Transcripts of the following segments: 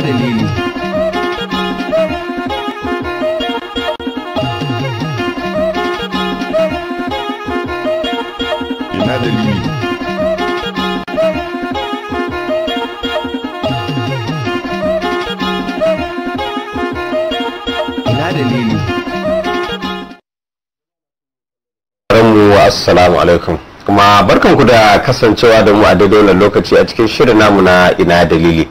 ina dalili dalili assalamu alaikum kuma barkanku da kasancewa da mu a daidai wannan lokaci a cikin shirin namu na ina dalili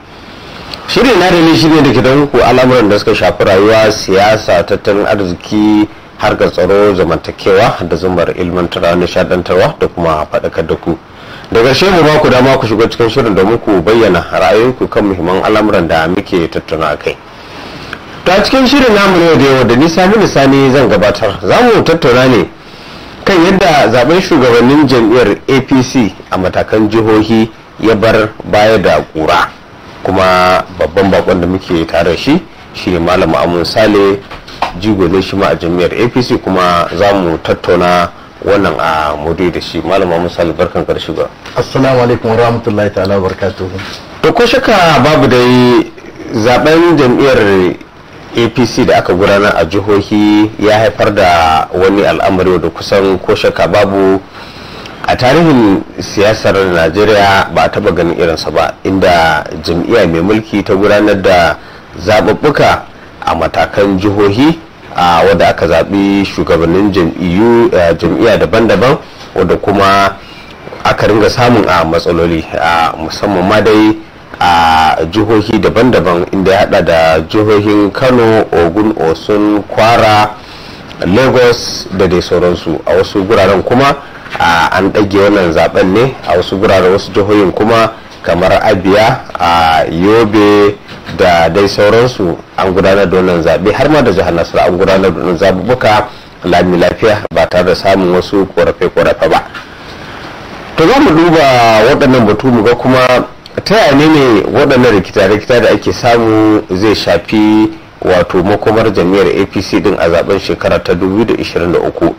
shirin na da shi ne da ke ku al'amuran da suka shafi rayuwa siyasa tattalin arziki ga tsaro zamantakewa da zumar ilmantarwa shaɗantarwa da kuma faɗakar da ku da ƙarshe mu ba ku dama ku shiga cikin shirin da muku bayyana ra'ayinku kan muhimman al'amuran da muke tattauna a kai ta cikin shirin namu ne da yawa da ni mini sani zan gabatar za mu tattauna ne kan yadda zaben shugabannin jam'iyyar apc a matakan jihohi ya bar baya da ƙura kuma babban bakon da muke tare shi shi malam amun sale jigo ne shi ma a jami'ar apc kuma za mu tattauna wannan a mudu da shi malam amun sale barkan karshe ba assalamu alaikum rahmatullahi ta'ala barkatuhu to ko shaka babu dai zaben jami'ar apc da aka gudanar a jihohi ya haifar da wani al'amari da kusan ko shaka babu a tarihin siyasar najeriya ba a taba ganin irinsa ba inda jam'iyya mai mulki ta gudanar da zaɓuɓɓuka a matakan jihohi a wadda aka zaɓi shugabannin jam'iyyu jam'iyya daban-daban wadda kuma aka ringa samun a matsaloli a musamman ma dai a jihohi daban-daban inda ya hada da jihohin kano ogun osun kwara lagos da dai sauransu a wasu guraren kuma an ɗage wannan zaben ne a wasu gurare wasu jihohin kuma kamar abia a yobe da dai sauransu an gudanar da wannan zaɓe har ma da jihar nasara an gudanar da zaɓuɓɓuka lami lafiya ba tare da samun wasu korafe-korafe ba to za mu duba waɗannan batu mu ga kuma ta yaya ne waɗannan rikita-rikita da ake samu zai shafi wato makomar jami'ar apc din a zaben shekara ta 2023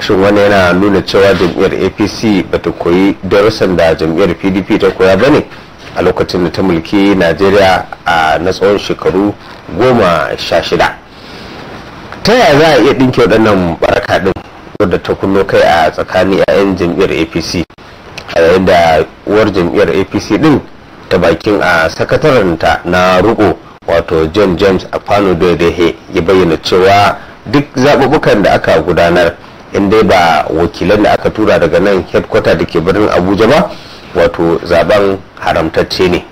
shin wani yana nuna cewa jam'iyyar apc ba ta koyi darussan da jam'iyyar pdp ta koya ba ne a lokacin da ta mulki najeriya a na tsawon shekaru goma sha shida ta yaya za a iya ɗinke waɗannan baraka ɗin wadda ta kunno kai a tsakanin 'ya'yan jam'iyyar apc a yayin da uwar jam'iyyar apc ɗin ta bakin a sakataranta na ruko wato john james a fano ya bayyana cewa duk zaɓuɓɓukan da aka gudanar in dai ba wakilan da aka tura daga nan headquarter da ke birnin abuja ba wato zaben haramtacce ne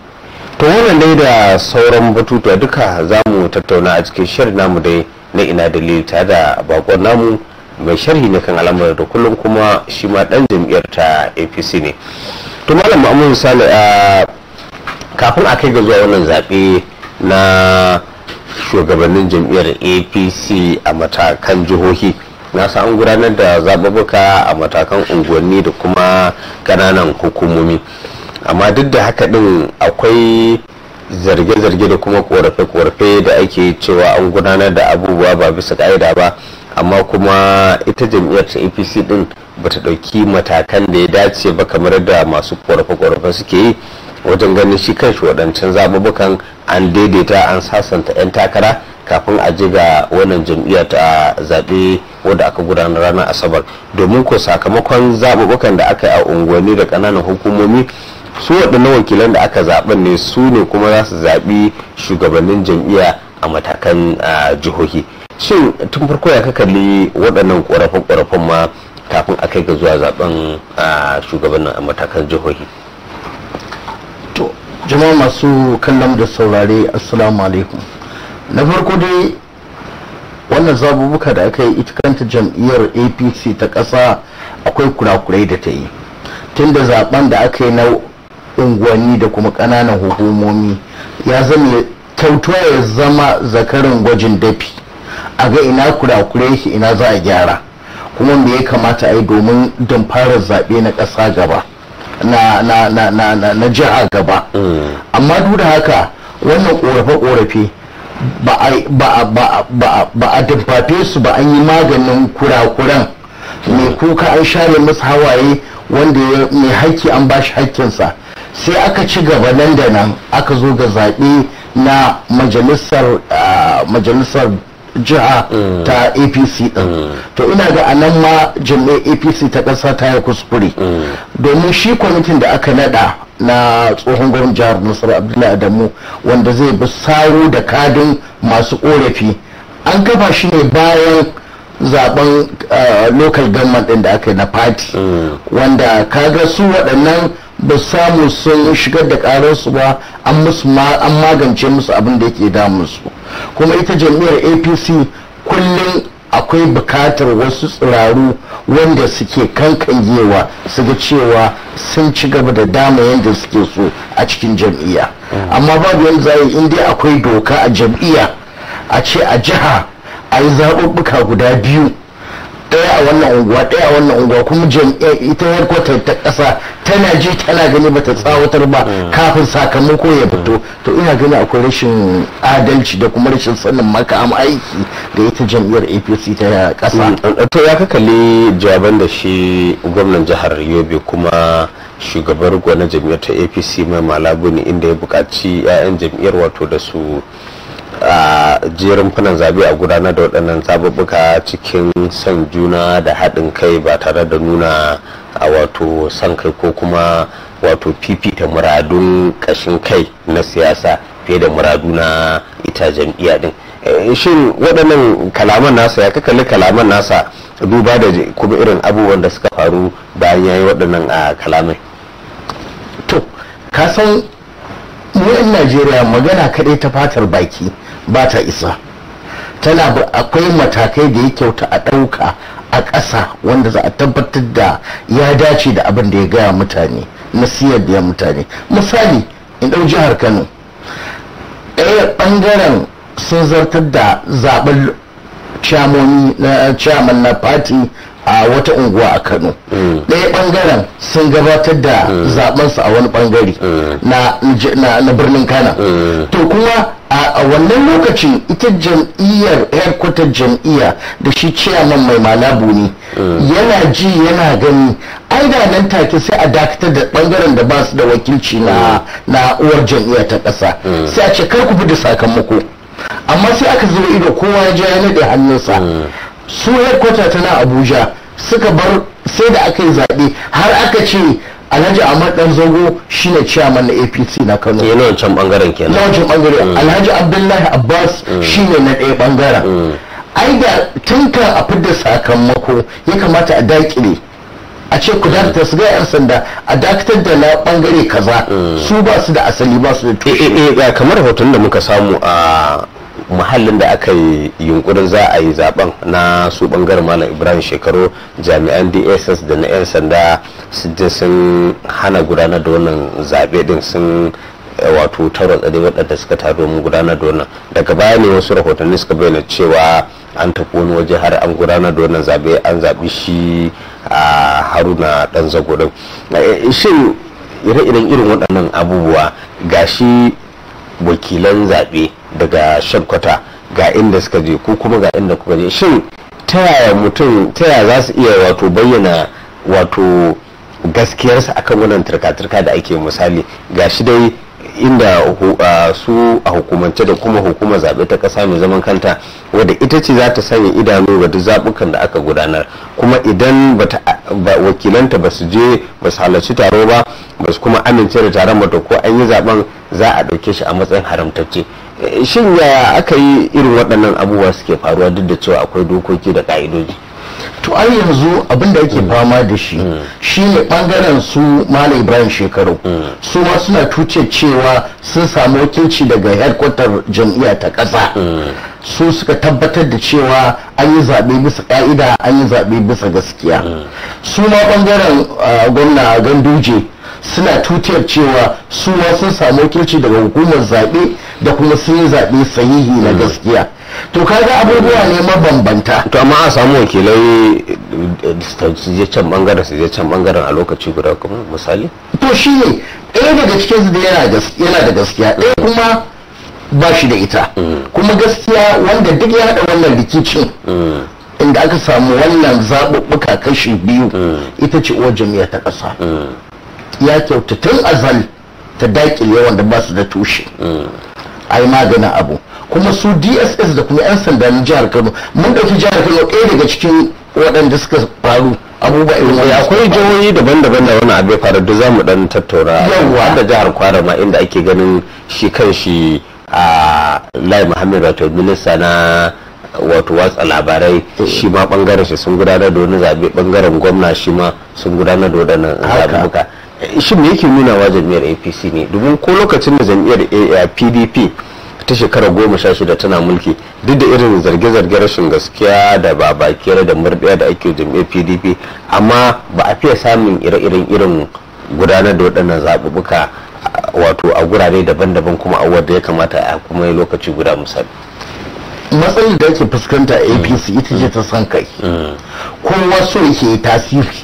to wannan dai da sauran batutuwa duka za mu tattauna a cikin shirin namu dai na ina dalili ta da bakon namu mai sharhi ne kan alamar da kullum kuma shi ma dan jam'iyyar ta apc ne to malam ma'amun sale a kafin a kai ga zuwa wannan zaɓe na shugabannin jam'iyyar apc a matakan jihohi na an gudanar da zababuka a matakan unguwanni da kuma kananan hukumomi amma duk da haka din akwai zarge-zarge da kuma korafe-korafe da ake cewa an gudanar da abubuwa ba bisa ka'ida ba amma kuma ita jam'iyyar ta apc din bata ɗauki matakan da ya dace ba kamar da masu korafe-korafe suke yi wajen ganin shi kan shi waɗancan zaɓuɓɓukan an daidaita an sasanta 'yan takara kafin a ji ga wannan jam'iyya ta zaɓe wadda aka gudanar ranar asabar domin ko sakamakon zaɓuɓɓukan da aka yi a unguwanni da ƙananan hukumomi su waɗannan wakilan da aka zaɓen ne su ne kuma za su zaɓi shugabannin jam'iyya a matakan jihohi shin tun farko ya ka kalli waɗannan ƙorafe-ƙorafen ma kafin a kai ga zuwa zaɓen shugabannin a matakan jihohi jama'a masu kallon da saurare assalamu alaikum na farko dai wannan zabubuka da aka yi ita kanta jam'iyyar apc ta ƙasa akwai kurakurai da ta yi tun da zaben da aka yi na unguwanni da kuma ƙananan hukumomi ya zama kyautuwa ya zama zakarin gwajin dafi a ga ina kurakurai shi ina za a gyara kuma me ya kamata a yi domin damfarar zaɓe na ƙasa gaba na na na na na na jiha gaba amma duk da haka wannan korafe korafe ba a ba su ba an yi maganin kurakuran mai kuka an share musu hawaye wanda mai haƙƙi an ba shi haƙƙinsa sai aka ci gaba nan da nan aka zo ga zaɓe na majalisar ah, majalisar jiha mm. ta apc din mm. to ina ga anan ma jami'ar apc ta ƙasa ta yi kuskure mm. domin shi kwamitin da aka nada na tsohon gwamnan jihar nasiru abdullahi adamu wanda zai bi saro da kadin masu korafi an gaba shi ne bayan zaben uh, local government din da aka yi na party wanda kaga su waɗannan ba samu sun shigar da su ba an magance musu abin da yake su kuma ita jam'iyyar apc kullum akwai bukatar wasu tsiraru wanda suke kankanyewa su ga cewa sun ci gaba da dama yadda suke so a cikin jam'iyya amma babu yadda zai in dai akwai doka a jam'iyya a ce a jiha a yi zaɓuɓɓuka guda biyu ɗaya a wannan unguwa ɗaya a wannan unguwa kuma jam'iyyar ita yarkwatar ta ƙasa tana ji tana gani ba ta tsawatar ba hmm. kafin sakamako ya fito hmm. to ina gani akwai rashin adalci da kuma rashin sanin makam aiki da ita jam'iyyar apc ta ƙasa hmm. to ya ka kalli jaban da shi gwamnan jihar yobe kuma shugabar gwanar jam'iyyar ta apc mai malabuni inda ya buƙaci 'ya'yan jam'iyyar wato da su a jerin funan zabe a gudanar da waɗannan zaɓuɓɓuka cikin son juna da haɗin kai ba tare da nuna a wato son kai ko kuma wato fifita muradun ƙashin kai na siyasa fiye da muradu na ita jam'iyya din eh, shin waɗannan kalaman nasa ya kakalli kalaman nasa duba da kuma irin abubuwan da suka faru bayan ya yi waɗannan a kalamai to kasan mu 'yan najeriya magana kaɗai ta fatar baki ba ta isa tana akwai matakai da ya kyauta a ɗauka a ƙasa wanda za a tabbatar da ya dace da abin da ya gaya mutane na siyar da mutane misali in ɗau jihar kano ɗaya ɓangaren sun zartar da zaɓen camoni na ciyaman na fati a wata unguwa a kano mm. ɗaya ɓangaren sun gabatar da mm. zaɓensu a wani ɓangare mm. na birnin kana to kuma a wannan lokacin ita jam'iyyar kwatar jam'iyya da shi ciyaman mai malabu ne mm. yana ji yana gani ai da nan take sai a dakatar da bangaren da ba su da wakilci na mm. na uwar jam'iyya ta kasa mm. sai a ce kar ku bi da sakamako amma sai aka zuba ido kowa ya ja da hannunsa su kwata tana abuja suka bar sai da aka yi zaɓe har aka ce alhaji ahmad dan zago shine chairman na apc na kano nan can bangaren kenan wancan bangare mm. alhaji abdullahi abbas mm. shine na ɗaya bangaren mm. ai da tun a fidda sakamako ya kamata a daƙile a ce ku dakatar su ga yan sanda a dakatar da na bangare kaza su ba su da asali ba su da ya eh, eh, eh, kamar hoton da muka samu a muhallin da aka yi yunkurin za a yi zaben na su bangaren malam ibrahim shekaru jami'an dss da na 'yan sanda sun hana gudanar da wannan zaɓe din sun eh, wato taurar waɗanda suka taru domin gudanar da wannan daga baya ne wasu rahotanni suka bayyana cewa an tafi wani waje har an gudanar da wannan zaɓe an zaɓi shi a haruna ɗan ɗin eh, shin ire-iren irin waɗannan abubuwa gashi wakilan zaɓe daga shabkwata ga inda suka je ko kuma ga inda kuka je shin ta yaya mutum ta yaya za su iya wato bayyana wato gaskiyarsa akan wannan turka-turka da ake misali ga shi dai inda su a hukumance da kuma hukumar zaɓe ta ƙasa mai zaman kanta wadda ita ce za ta sanya idanu ga duk zaɓukan da aka gudanar kuma idan wakilanta ba su je ba su halarci taro ba ba su kuma amince da taron ba ko an yi zaɓen za a ɗauke shi a matsayin haramtacce shin ya aka yi irin waɗannan abubuwa suke faruwa duk da cewa akwai dokoki da ƙa'idoji to a yanzu abin da ake fama da shi mm. shine ɓangaren su malam ibrahim shekaru mm. su ma suna tuce cewa sun samu wakilci daga headquarter jam'iyya ta ƙasa mm. su suka tabbatar da cewa an yi zaɓe bisa ƙa'ida an yi zaɓe bisa gaskiya su ma ɓangaren gwamna ganduje suna tutiyar cewa su ma sun samu wakilci daga hukumar zaɓe da kuma sun yi zaɓe sahihi na gaskiya to kaga abubuwa ne mabambanta to amma a samu wakilai eh, su je can bangaren su je can bangaren a lokaci guda kuma misali to shi ne ɗaya daga cikin su yana da gaskiya ɗaya kuma ba shi da ita mm. kuma gaskiya wanda duk ya haɗa wannan rikicin mm. inda aka samu wannan zaɓuɓɓuka kashi biyu mm. ita ce uwar jami'a ta ƙasa ya kyauta tun azal ta daƙile wanda ba su da tushe a yi maganin abu kuma su dss da kuma 'yan sanda na jihar kano mun ɗauki jihar kano ɗaya daga cikin waɗanda suka faru abubuwa irin wani akwai jihohi daban-daban da wani abu ya faru da za mu ɗan tattaura yawwa da jihar kwara ma inda ake ganin shi kan shi a lai muhammed wato minista na wato watsa labarai eh. shi ma bangaren shi sun gudanar da wani zaɓe bangaren gwamna shi ma sun gudanar da wadannan zaɓuɓɓuka shi me yake nuna wa jam'iyyar apc ne domin ko lokacin da jam'iyyar pdp eh, eh, ta shekara goma sha shida tana mulki duk da irin zarge-zarge rashin gaskiya da ba babakiyar da murɗiya da ake jam'iyyar pdp amma ba a fiye samun ire-iren irin gudanar da waɗannan zaɓuɓɓuka wato a gurare daban-daban kuma a wadda ya kamata a kuma lokaci guda musamman matsalar da ake fuskanta apc mm. ita ce ta mm. san kai mm. kowa so yake tasiri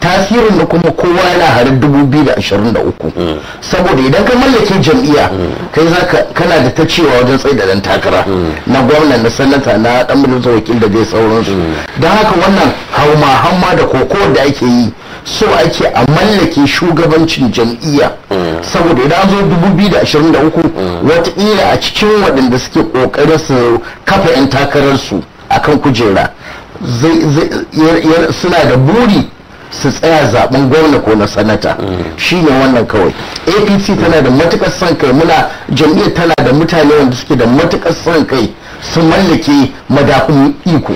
tasirin da kuma kowa yana harin 2023 saboda idan ka mallake jam'iyya kai za ka kana da ta cewa wajen tsaye da dan takara na gwamna na sanata na dan wakil da zai sauransu don haka wannan hau ma hamma da koko da ake yi so ake a mallake shugabancin jam'iyya saboda ya zo 2023 watakila a cikin waɗanda suke ƙoƙarin su kafa 'yan takararsu a kan kujera suna da buri su tsaya zaben gwamna ko na sanata shi ne wannan kawai apc tana da matuƙar son kai muna jam'iyyar tana da mutane wanda suke da matuƙar son kai sun mallake madakun iko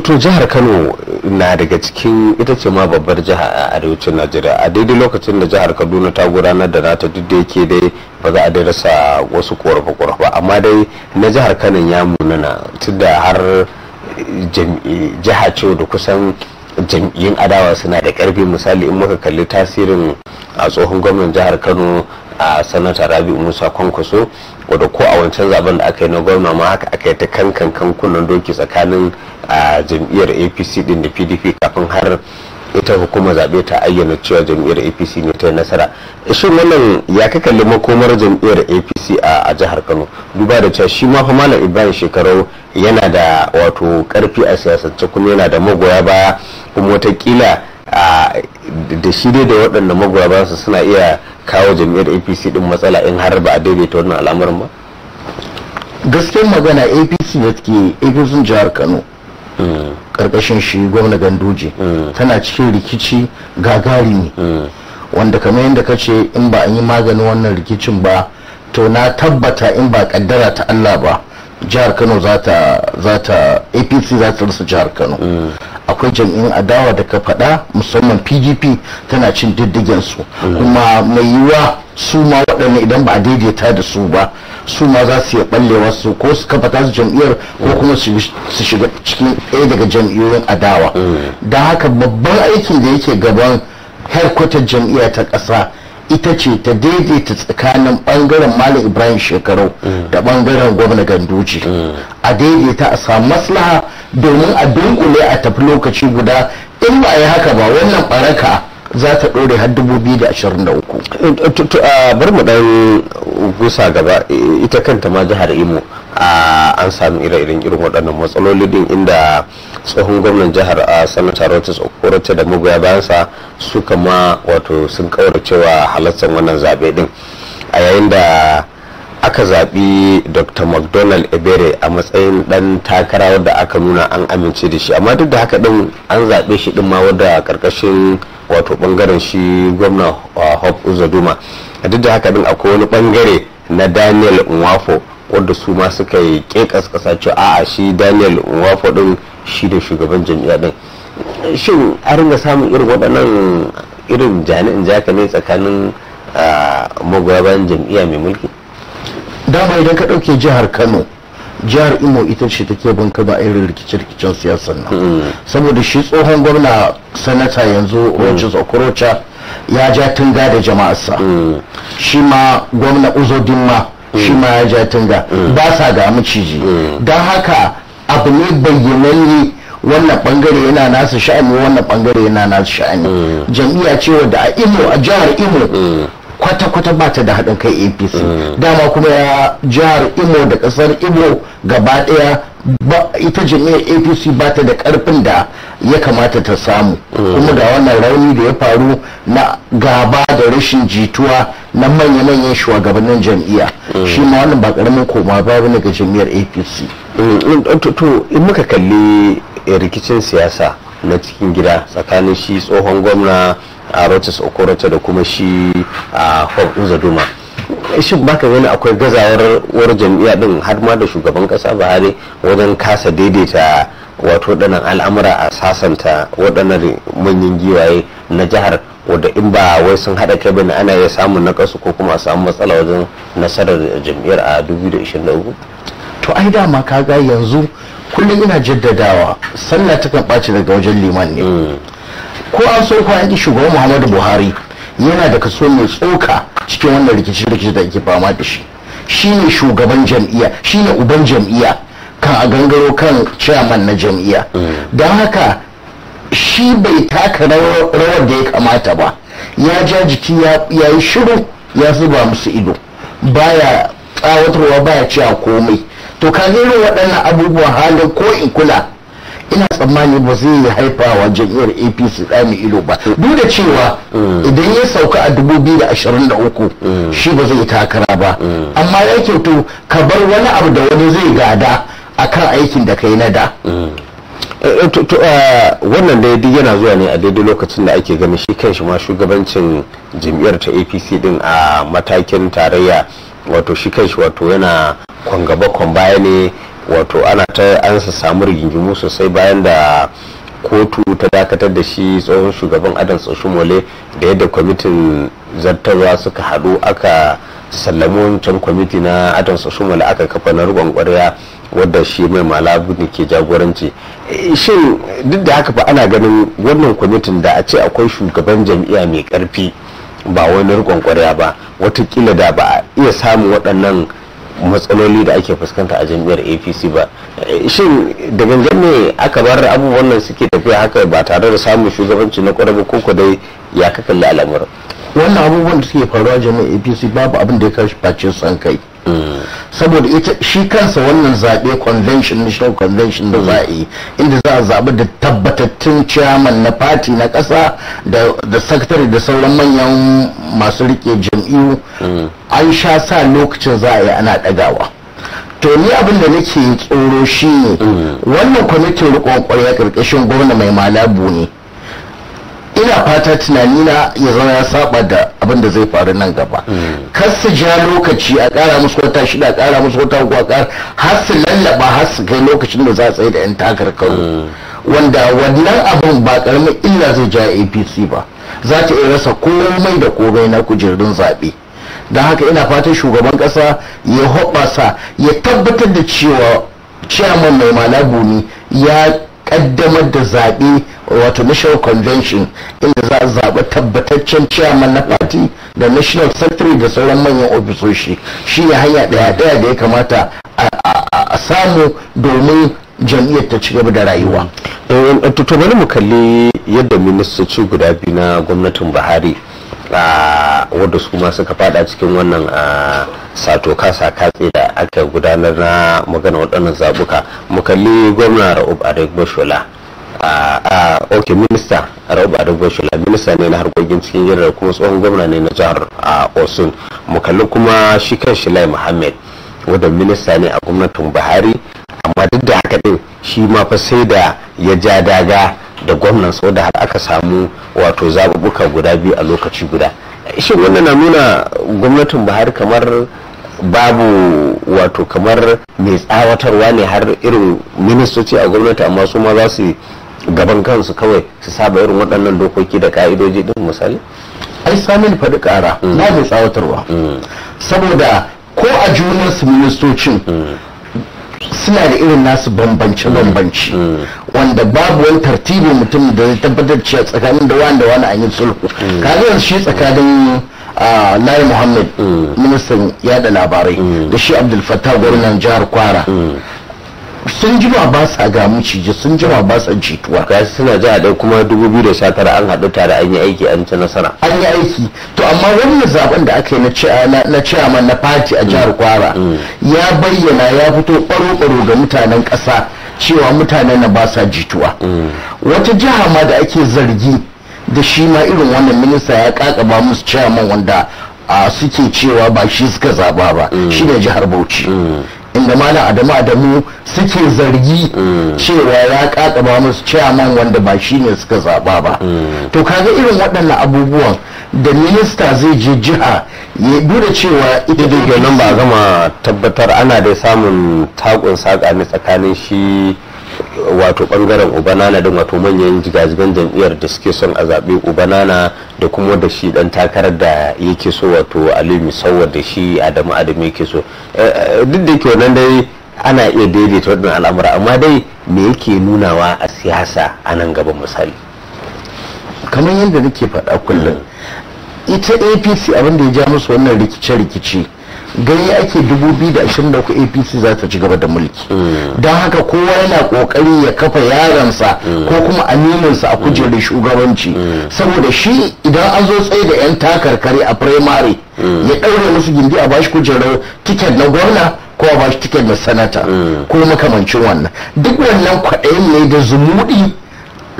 to jihar kano na daga cikin ita ce ma babbar jiha a arewacin najeriya a daidai lokacin da jihar kaduna ta gudanar da nata duk da yake dai ba za a dai rasa wasu korafe-korafe amma dai na jihar kano ya munana tun da har jiha ce da kusan jam'iyyun adawa suna da karfi misali in muka kalli tasirin a tsohon gwamnan jihar kano a sanata rabi'u musa kwankwaso saboda ko a wancan zaben da aka yi na gwamna ma haka aka yi ta kankan kankunan doki tsakanin jam'iyyar apc din da pdp kafin har ita hukuma zaɓe ta ayyana cewa jam'iyyar apc ne ta yi nasara shin wannan ya ka kalli makomar jam'iyyar apc a jihar kano duba da cewa shi ma fa malam ibrahim shekarau yana da wato karfi a siyasance kuma yana da magoya baya kuma watakila da shi dai da waɗanda magoya ba su suna iya kawo jami'ar apc din matsala in har ba a daidaita wannan al'amarin ba gaskiyar magana apc da ke apc jihar kano karkashin hmm. shi gwamna ganduje hmm. tana cikin rikici gagari ne hmm. wanda kamar yadda ka ce in ba an yi maganin wannan rikicin ba to na tabbata in ba kaddara ta allah ba jihar kano za ta apc za ta rasa jihar kano akwai jam'in adawa da ka faɗa musamman pdp tana cin diddigen su mm. kuma mai yiwuwa su ma waɗanda idan ba a daidaita da su ba su ma za su iya ɓallewa su ko su kafa su jam'iyyar ko mm. kuma su shiga cikin ɗaya daga jam'iyyoyin adawa mm. da haka babban aikin da yake gaban headquarter jam'iyya ta ƙasa ita ce ta daidaita tsakanin bangaren malam ibrahim shekarau da bangaren gwamna ganduji a daidaita a samu maslaha domin a dunkule a tafi lokaci guda in ba yi haka ba wannan baraka za ta ɗore har 2023 bar mu ɗan gusa gaba ita kanta ma jihar imo an sami ire-iren irin waɗannan matsaloli din inda tsohon gwamnan jihar a sanata rotis da magoya bayansa su kama wato sun kawar cewa halartar wannan zaɓe din a yayin da aka zaɓi dr mcdonald ebere a matsayin ɗan takara wadda aka nuna an amince da shi amma duk da haka ɗin an zaɓe shi ɗin ma wadda ƙarƙashin wato ɓangaren shi gwamna hope uzoduma duk da haka ɗin akwai wani ɓangare na daniel nwafo wadda su ma suka yi ƙeƙas ƙasa cewa a'a shi daniel nwafo ɗin shi da shugaban jam'iyya din shin a ringa samun irin waɗannan irin jani'in jaka ne tsakanin magoya bayan jam'iyya mai mulki dama idan ka ɗauke jihar kano jihar imo ita ce take bin ba a irin rikice-rikicen siyasar nan mm. saboda shi tsohon gwamna sanata yanzu mm. rogers okorocha ya ja tunga da jama'arsa mm. shi ma gwamna Uzo shi ma ya ja tunga ba sa ga maciji don haka abu ne bayyananne wannan bangare yana nasu sha'ani wannan bangare yana nasu sha'ani mm. Jami'a ce wadda a imo a jihar imo mm. kwata-kwata ba ta da haɗin kai apc mm. dama kuma ya jihar imo da ƙasar imo gaba ɗaya ita jami'ar apc ba ta da karfin da ya kamata ta samu kuma ga wannan rauni da ya faru na gaba da rashin jituwa na manya-manyan shugabannin jam'iyya shi ma wannan ba karamin koma ba wani ga jami'ar apc to in muka kalli eh, rikicin siyasa na cikin gida tsakanin shi tsohon gwamna a ah, rochas okorocha da kuma shi a ah, hope shin baka gani akwai gazawar war jam'iyya din har ma da shugaban kasa buhari wajen kasa daidaita wato waɗannan al'amura a sasanta waɗannan manyan giwaye na jihar wadda in ba wai sun haɗa kai bane ana iya samun nakasu ko kuma samu matsala wajen nasarar jam'iyyar a 2023 to ai dama ga yanzu kullum ina jaddadawa sallah ta kan ɓaci daga wajen liman ne mm. ko an so ko an yi shugaban muhammadu buhari yana da kaso mai tsoka cikin wannan rikici-rikici da ake fama da shi shi ne shugaban jam'iyya ne uban jam'iyya kan a gangaro kan chairman na jam'iya mm. don haka shi bai taka rawar da ya kamata ba ya ja jiki ya yi shiru ya zuba musu ido baya tsawatarwa baya cewa komai to ka irin waɗannan abubuwan halin ko in kula ina tsammani ba zai yi haifa wa jam'iyyar apc tsami ido ba duk da cewa mm. idan ya sauka a 2023 mm. shi ba zai takara ba mm. amma ya kyautu ka bar wani abu da wani zai gada kan aikin da kai na da eh, eh, eh, wannan da duk yana zuwa ne a daidai lokacin da ake ganin shi kanshi ma shugabancin jam'iyyar ta apc din a matakin tarayya wato shi kanshi wato yana kwangaba baya ne wato ana ta an samu rigingimu sosai bayan da kotu ta dakatar da shi tsohon shugaban adam tsoshimole da yadda kwamitin zartarwa suka haɗu aka sallamu wancan kwamiti na adam tsoshimole aka kafa na rubon kwarya wadda shi mai malabu ne ke jagoranci eh, shin duk da haka ba ana ganin wannan kwamitin da a ce akwai shugaban jami'a mai karfi ba wani rikon kwarya ba watakila da ba a iya samun waɗannan matsaloli da ake fuskanta a jam'iyyar apc ba shin da gangan ne aka bar abubuwan nan suke tafiya haka ba tare da samun shugabanci na kwarar ko dai ya ka kalli al'amuran wannan abubuwan da suke faruwa jami'ar apc babu abin da ya kashi face san kai saboda ita shi kansa wannan zaɓe convention national convention da za a yi inda za a zaɓi da tabbatattun chairman na party na ƙasa da sakatare da sauran manyan masu riƙe jam'iyyu an sha sa lokacin za a yi ana ɗagawa to ni abin da nake tsoro shi ne mm. wannan kwamitin riƙon ƙwarya ƙarƙashin gwamna mai malabu ne ina fata tunani na ya zama ya saba da abin da zai faru nan gaba mm. kar su ja lokaci a kara musu wata shida a kara musu wata uku a kara har su lallaba har su kai lokacin da za a tsaye da yan takarkaru mm. wanda wannan abin ba karamin illa zai ja apc ba za ta iya rasa komai da komai na kujerun zaɓe don haka ina fatan shugaban ƙasa ya hoɓasa ya tabbatar da cewa ciyaman mai malabu ya kaddamar da zaɓe wato national convention inda za a zaɓa tabbataccen chairman na party da national secretary da sauran manyan ofisoshi shi ne hanya ɗaya ɗaya da ya kamata a samu domin jam'iyyar ta ci gaba da rayuwa. Eh, to bari mu kalli yadda ministoci guda biyu na gwamnatin buhari wadda su ma suka fada cikin wannan sato kasa katse da aka gudanar na magana waɗannan zabuka mu gwamna ra'ub adegbashola a ok minista ra'ub adegbashola minista ne na harkokin cikin gidan kuma tsohon gwamna ne na jihar osun mu kalli kuma shi kan shilai muhammad wadda minista ne a gwamnatin buhari amma duk da haka ɗin shi ma fa sai da ya ja daga da gwamnan da har aka samu wato zaɓuɓɓuka guda biyu a lokaci guda shin wannan na nuna gwamnatin buhari kamar babu wato kamar mai tsawatarwa ne har irin ministoci a gwamnati amma su ma za su gaban kansu kawai su saba irin waɗannan dokoki da ka'idoji din misali ai samun faɗi ƙara mm. na mai tsawatarwa mm. saboda ko a junansu ministocin mm. suna da irin nasu bambance-bambance mm. wanda babu wani tartibi mutum da zai tabbatar cewa tsakanin da wani da wani an yi sulhu mm. kaga shi tsakanin Lai ah, Muhammad mm. ministan yada labarai da shi Abdul Fattah gwamnan jihar Kwara sun jima ba sa ga ciji sun jima ba sa jituwa ga suna ji a kuma 2019 an haɗu tare an yi aiki an ci nasara an yi aiki to amma wannan zaben da aka yi na ciyaman na fati a jihar mm. kwara mm. ya bayyana ya fito ɓaro-ɓaro ga mutanen ƙasa cewa mutanen na ba sa jituwa mm. wata jiha ma da ake zargi da shi ma irin wannan minista ya kakaba musu man wanda a suke cewa ba shi suka zaba ba shi ne jihar bauchi inda malam adamu adamu suke zargi mm. cewa ya kakaba musu chairman wanda ba shi ne suka zaba ba mm. to kaga irin waɗannan abubuwan da minista zai je jiha ya bude cewa ita da nan ba gama tabbatar ana dai samun takun saka ne tsakanin shi wato bangaren ubanana din wato manyan jigajigan jam'iyyar da suke son a zaɓe ubanana da kuma da shi dan takarar da yake so wato aliyu musawar da shi adamu adamu yake so eh, eh, duk da ke wannan dai ana iya daidaita waɗannan al'amura amma dai me yake nunawa a siyasa a nan gaba misali kamar yadda nake faɗa kullum ita apc abin da ya ja musu wannan rikice-rikice gani ake 2023 apc za ta ci gaba da mulki mm. don haka kowa yana kokari ya kafa yaransa mm. ko kuma sa a kujerar mm. shugabanci saboda shi idan an zo tsaye da 'yan takarkari a firamare ya ɗaure musu gindi a bashi kujerar tiket na gwamna ko a bashi tiket na sanata ko makamancin wannan duk wannan kwaɗayin ne da zumuɗi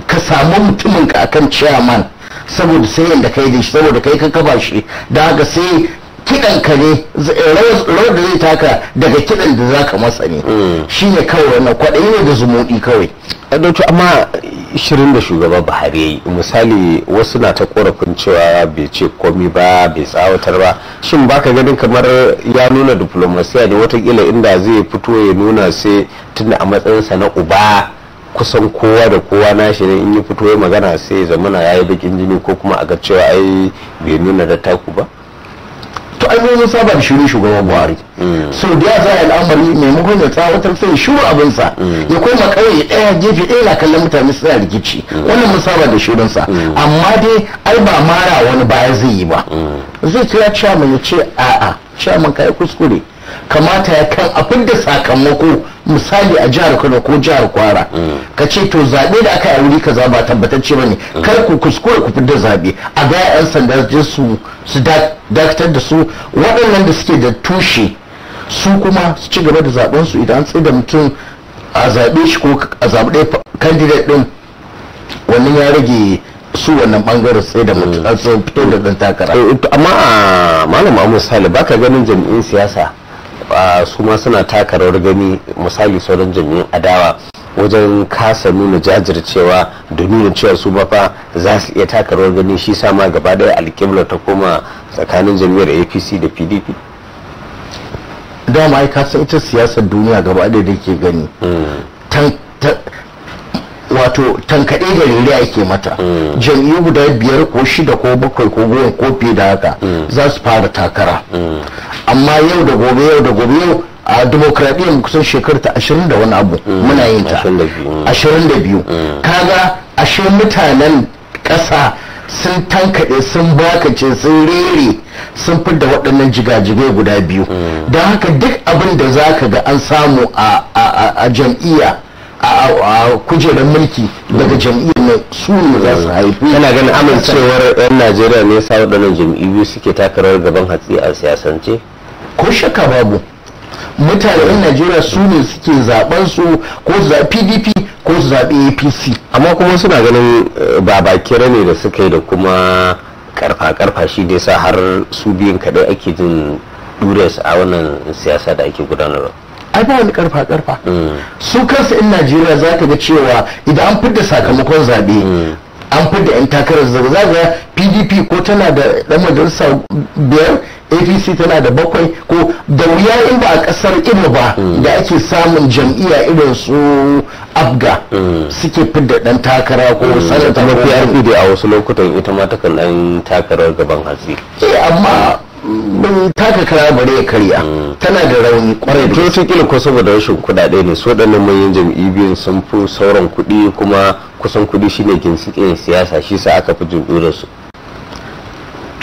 ka samu mutumin ka akan chairman saboda sai yadda kai da shi saboda kai ka kafa shi da haka sai kiɗan ka ne rawar da zai taka daga kiɗan da za ka matsa ne mm. shi ne kawai wannan kwaɗayi ne da zumuɗi kawai dauki amma shirin da shugaba buhari ya yi misali wasu na ta korafin cewa bai ce komi ba bai tsawatar ba shin baka ganin kamar ya nuna diplomasiya ne watakila inda zai fito ya nuna sai tunda a matsayinsa na uba kusan kowa da kowa na shi ne in yi fito ya magana sai zamana ya yi bakin jini ko kuma a ga cewa ai bai nuna da taku ba to ai mun saba da shirin shugaban buhari so da ya sa al'amari maimakon ya tsawatar sai shiru abin sa ya koma kawai ɗaya gefe ɗaya na kallon mutane suna rikici wannan mun saba da sa amma dai ai ba mara wani baya zai yi ba zai kira ciyaman ya ce a'a chairman kai kuskure kamata ya kan abin da sakamako misali a jihar kano ko jihar kwara mm. ka ce to zaɓe da aka yi wuri za ba tabbatacce ba ne mm. kar ku kuskure ku fidda zaɓe a ga 'yan sanda su su dakatar da su waɗannan da suke da tushe su kuma su ci gaba da zaɓen su idan an da mutum a zaɓe shi ko a zaɓi ɗaya candidate ɗin wannan ya rage su wannan bangaren sai da mutum mm. a fito da ɗan takara eh, amma a malam Amu Sale baka ganin jami'in siyasa su ma suna taka rawar gani misali sauran jami'in adawa wajen kasa nuna jajircewa da nuna cewa su fa za su iya taka rawar gani shi sama gaba daya alƙibla ta koma tsakanin jami'ar apc da pdp dama ai san ita siyasar duniya gaba da da ke gani hmm. wato tankaɗe da rere ake mata hmm. jam'iyyu guda biyar ko shida ko bakwai ko goma ko fiye da haka hmm. za su fara takara amma yau da gobe yau da gobe yau a demokradiyyar kusan shekaru ta ashirin da wani abu mm, muna yin ta ashirin da biyu mm. mm. kaga ashe mutanen ƙasa sun tankaɗe sun bakace sun rere sun fidda waɗannan jigajigai guda biyu don haka duk abin da za ka ga an samu a jam'iyya a kujerar mulki daga jam'iyyar nan su ne za su haifi yana ganin amincewar 'yan najeriya ne sa waɗannan jam'iyyu suke takarar gaban hatsi a siyasance ko shaka babu mutane yan najeriya su ne suke zaben su ko su pdp ko su zaɓi apc amma kuma suna ganin eh, ba bakira ne da suka yi da kuma karfa karfa shi da sa har su biyun kaɗai ake jin dures a wannan siyasa da ake gudanarwa ai ba wani karfa karfa mm. su kansu in najeriya za ka ga cewa idan an fidda sakamakon zaɓe mm. an fi da 'yan takarar zaga pdp ko tana da dan majalisa biyar apc tana da bakwai ko da wuya in ba a kasar irin ba mm. da ake samun jam'iyya irin su abga mm. suke fidda dan takara ko mm. sanata mafi prp da a wasu lokutan ita ma takan dan takarar gaban hatsi eh, amma bai taka kara bare ya karya tana da rauni kwarai to su kila ko saboda rashin kuɗaɗe ne su nan manyan jam'i biyan sun fi sauran kudi kuma kusan kudi shine ginsiƙin siyasa shi sa aka fi jindurar su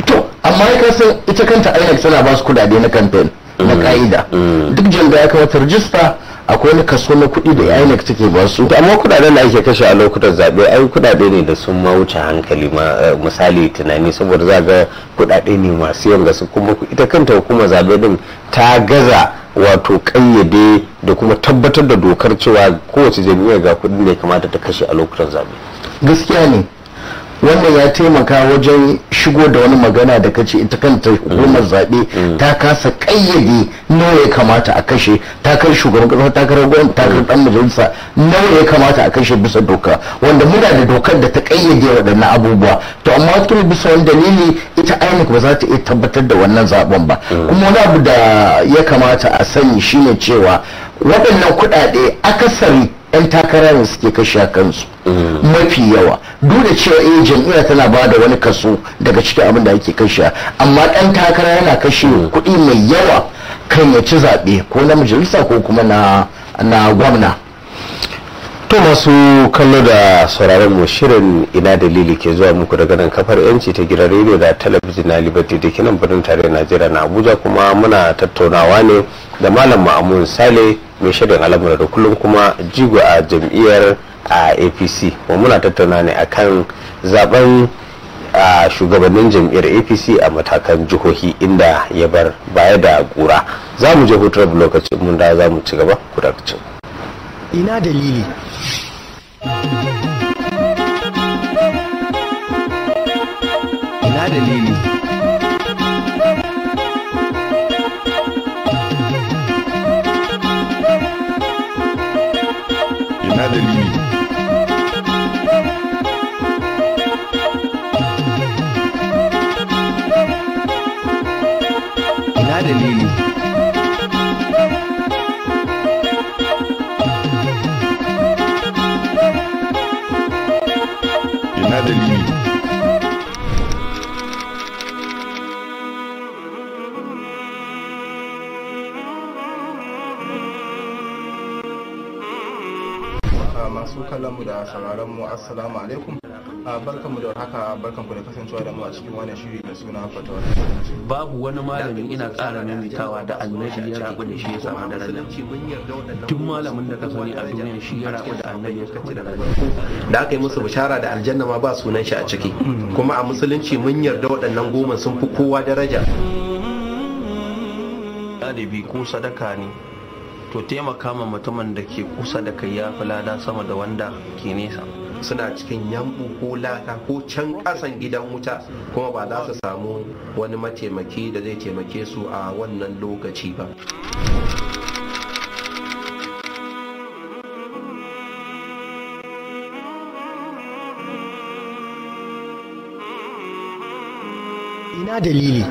to amma ya kasa ita kanta inec tana ba su kuɗaɗe na kamfen na ka'ida mm. mm. duk jam'iyya ya kamata rajista akwai wani kaso na kuɗi da yayin INEC take ba su amma kuɗaɗen da ake kashe a lokutan zaɓe ai kuɗaɗe ne da sun ma wuce hankali ma eh, misali tunani saboda za ga kuɗaɗe ne masu yawan gasu. kuma ita kanta hukumar zaɓe din ta gaza wato ƙayyade da kuma tabbatar da dokar cewa kowace jami'a ga kuɗin da ya kamata ta kashe a lokutan zaɓe gaskiya ne wannan ya taimaka wajen shigo da wani magana da kace ita kanta hukumar mm. zabe mm. ta kasa ƙayyade nawa ya kamata a kashe ta kai shugaban ƙasa ta kai gwamnati ta kai ɗan majalisa nawa ya kamata a kashe bisa doka wanda muna da dokar da ta kayyade waɗannan abubuwa to amma wata bisa wani dalili ita INEC ba za ta iya tabbatar da wannan zaben ba mm. kuma wani abu da ya kamata a sani shine cewa waɗannan kuɗaɗe akasari 'yan takara ne suke kashe kansu mafi yawa duk da cewa eh jam'iyya tana ba da wani kaso daga cikin abin da ake kashe amma dan takara yana kashe hmm. kuɗi mai yawa kan ya ci zaɓe ko na majalisa ko kuma na gwamna to masu kallo da sauraron mu shirin ina dalili ke zuwa muku daga nan kafar yanci ta gidan rediyo da talabijin na liberty da ke nan birnin tarayyar najeriya na abuja kuma muna tattaunawa ne da malam ma'amun sale mai shirin al'amura da kullum kuma jigo a jam'iyyar a apc kuma muna tattauna ne akan zaben a shugabannin jam'iyyar apc a matakan jihohi inda ya bar baya da ƙura za mu je hutar lokacin mun da za mu ci gaba ku ina dalili ina dalili ina dalili ina dalili dalili masu mu da mu assalamu alaikum da da kasancewa da mu a cikin wannan shiri da suna babu wani malamin ina ƙara maimaitawa da annabi ya rabu da shi ya samu daren nan duk malamin da ka sani a duniya shi ya rabu da annabi ya samu da nan da aka yi musu bishara da aljanna ma ba sunan shi a ciki kuma a musulunci mun yarda waɗannan goma sun fi kowa daraja ɗalibi ko sadaka ne to taimaka ma mutumin da ke kusa da kai ya fi lada sama da wanda ke nesa suna cikin yambu ko laka ko can kasan gidan wuta kuma ba za su samu wani mataimaki da zai taimake su a wannan lokaci ba ina dalili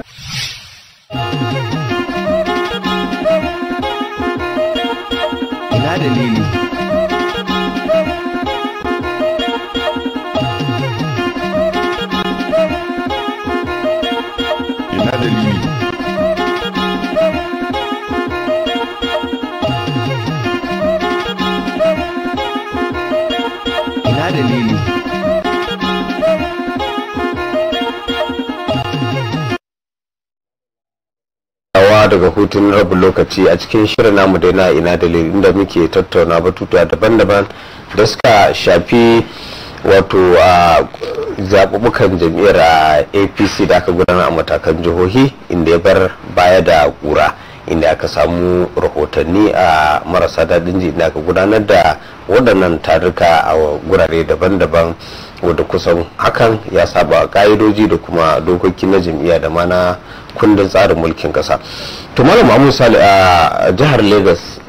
ina dalili hutun rabu lokaci a cikin shirin namu da na ina dalilin inda muke tattauna batutuwa daban-daban da suka shafi wato a zaɓuɓɓukan jam'iyyar apc da aka gudana a matakan jihohi inda ya bar baya da ƙura inda aka samu rahotanni a marasa daɗin ji inda aka gudanar da waɗannan taruka a gurare daban-daban wadda kusan hakan ya saba ƙa'idoji da kuma dokoki na jam'iyya da mana kundin tsarin mulkin kasa to malam Muhammad Sale a jihar Lagos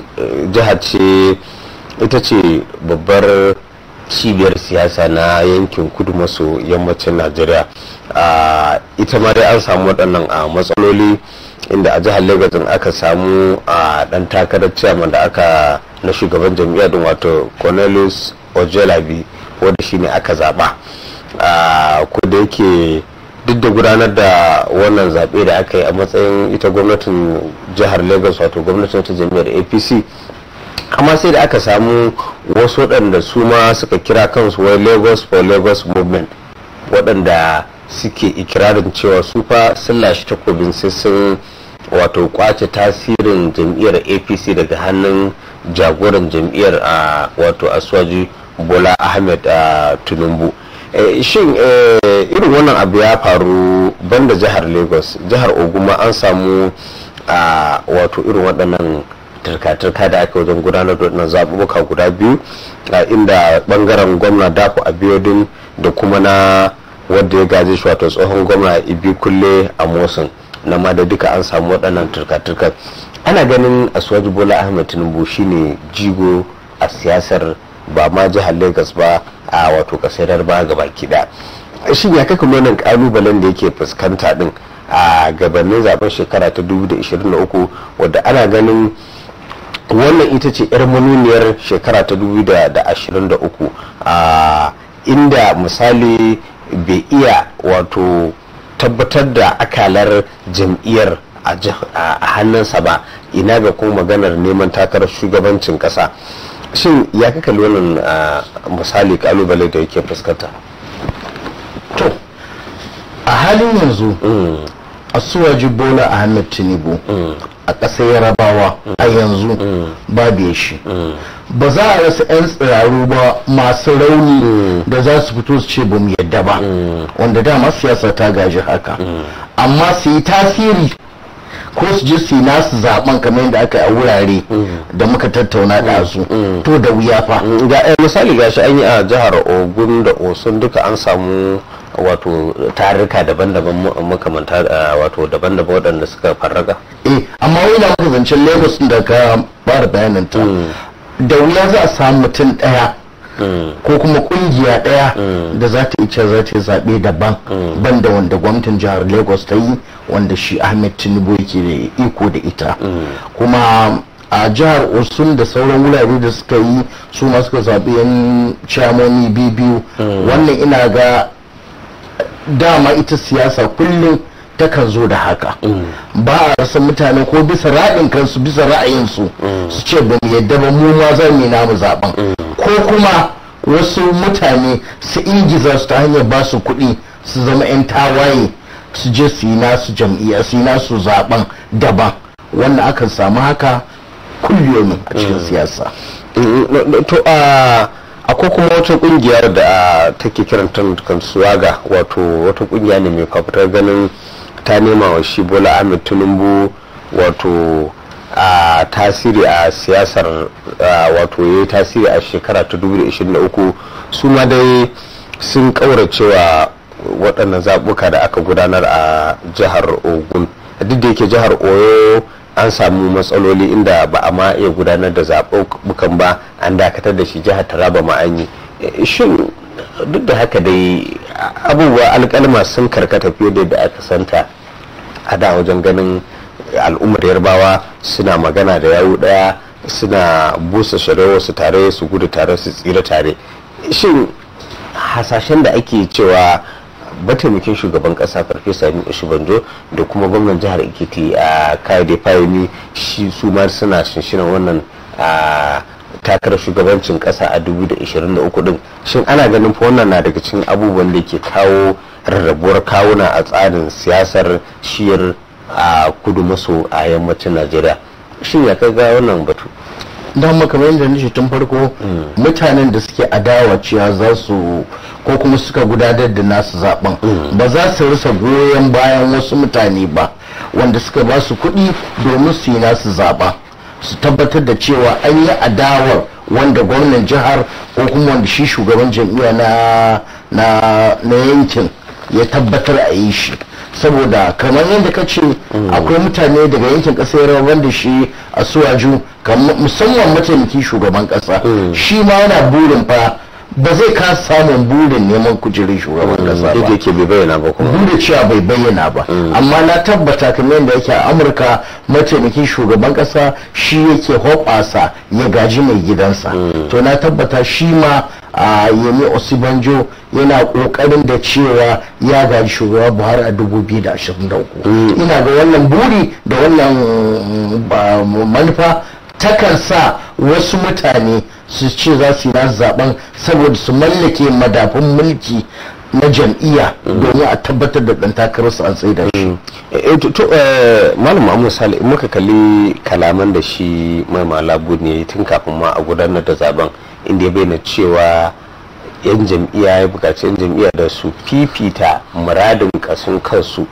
jihar ce ita ce babbar cibiyar siyasa na yankin kudu maso yammacin Najeriya ita ma dai an samu waɗannan a matsaloli inda a jihar Lagos aka samu a ɗan takarar ciyaman da aka na shugaban jam'iyyar wato Cornelius Ojelabi wanda shine aka zaɓa a kudu yake duk da gudanar da wannan zaɓe da aka yi a matsayin ita gwamnatin jihar lagos wato gwamnatin ta jami'ar apc amma sai da aka samu wasu waɗanda su ma suka kira kansu wai lagos for lagos movement waɗanda suke ikirarin cewa su fa sun lashe takobin sai sun wato kwace tasirin jam'iyyar apc daga hannun jagoran jam'iyyar wato aswaji bola ahmed a tinubu Eh, shin eh, irin wannan abu ya faru banda jihar lagos jihar oguma an samu a wato irin waɗannan turka-turka da aka wajen gudanar da waɗannan zaɓuɓɓuka guda biyu inda ɓangaren gwamna a abiodun da kuma na wadda ya gaje shi wato tsohon gwamna ibi kulle a mosin na ma da duka an samu waɗannan turka-turka ana ganin asuwaji bola ahmed tinubu shine jigo a siyasar ba ma jihar lagos ba a wato kasarar ba gaba kida shi ya kai kuma nan kalubalen da yake fuskanta din a gabanin zaben shekara ta 2023 wadda ana ganin wannan ita ce 'yar manuniyar shekara ta 2023 a inda misali bai iya wato tabbatar da akalar jam'iyyar a hannunsa ba ina ga kuma maganar neman takarar shugabancin kasa shin ya ka kalli wannan misali kalubale da yake fuskanta to a halin yanzu mm. asuwaji bola ahmed tinubu mm. a ƙasar yarabawa mm. a yanzu Ba babu shi ba za a rasa 'yan tsiraru ba masu rauni da za su fito su ce ba mu yadda ba wanda dama siyasa ta gaji haka amma su yi tasiri ko su je su nasu zaben kamar yadda aka yi a wurare da muka tattauna da su to da wuya fa ga eh, misali gashi an yi a jihar ogun da osun duka an samu wato tarurruka daban-daban makamanta eh, wato daban-daban waɗanda suka farraga eh amma wani muka zancen lagos da ka fara bayanin mm. da wuya za a samu mutum ɗaya ko kuma kungiya daya mm. da za ta ice za ta zaɓe daban mm. ban da wanda gwamnatin jihar lagos ta yi wanda shi ahmed tinubu yake da iko da ita mm. kuma a jihar osun da sauran wurare da suka yi su ma suka zaɓi yan ciyamomi biyu wannan ina ga dama ita siyasa kullum takan zo da haka mm. ba a rasa mutane ko bisa ra'in kansu bisa ra'ayinsu mm. su ce ba mu yadda ba mu ma za mu namu zaben mm. ko kuma wasu mutane su ingiza su ta hanyar ba su kuɗi su zama 'yan tawaye su je su yi nasu jam'iyya su yi nasu zaben daban wanda akan samu haka kulliyoyi a cikin siyasa to akwai kuma wata kungiyar da take kiranta suwaga wato wata kungiya ne mai fafutar ganin ta nema wa shi bola ahmed tinubu wato a tasiri a siyasar wato ya yi tasiri a shekara ta 2023 su ma dai sun kauracewa waɗannan zaɓuka da aka gudanar a jihar ogun duk da yake jihar oyo an samu matsaloli inda ba a ma iya gudanar da zaɓuɓɓukan ba an dakatar da shi jihar taraba ma an yi shin duk da haka dai abubuwa alƙalma sun karkata fiye da yadda aka santa a da wajen ganin al'ummar yarbawa suna magana da yawu daya suna busa shari'a su tare su gudu tare su tsira tare shin hasashen da ake cewa bataimakin shugaban kasa farfesa yami da kuma gwamnan jihar ikiti a kaide fayoni shi su ma suna shinshinan wannan takarar shugabancin kasa a 2023 din shin ana ganin fa wannan na daga cikin abubuwan da ke kawo rarrabuwar kawuna a tsarin siyasar shiyar a kudu maso a yammacin najeriya shin ya kai ga wannan batu don makamai da nishi tun farko hmm. mutanen da suke adawa cewa za su ko kuma suka gudanar da nasu zaben hmm. ba za su rasa goyon bayan wasu mutane ba wanda suka ba su kuɗi domin su yi nasu zaɓa su tabbatar da cewa an yi adawar wanda gwamnan jihar ko kuma wanda shi shugaban jam'iyya na yankin ya tabbatar a yi shi saboda kamar yadda ka ce akwai mutane daga yankin ƙasa ya wanda shi a suwaju musamman mataimakin shugaban ƙasa mm. shi ma yana burin fa ba zai ka samun burin neman kujerar shugaban kasa mm, ba yake bai bayyana ba kuma duk cewa bai bayyana ba mm. amma na tabbata kamar yadda yake a amurka mataimakin shugaban ƙasa shi yake hoɓasa ya gaji mai gidansa to na tabbata shi ma a yemi osibanjo yana kokarin da cewa ya gaji shugaba buhari a 2023 mm. ina ga wannan buri da wannan mm, manufa takan sa wasu mutane su ce za su yi zaben saboda su mallake madafin mulki na jam'iyya mm. domin a tabbatar da dan takararsu an tsaye da shi. Eh, eh, malam Muhammad Sale muka kalli kalaman da shi mai malabu ne tun kafin ma a gudanar da zaben inda ya bayyana cewa yan jam'iya ya bukaci yan jam'iyya da su fifita muradin kasun kansu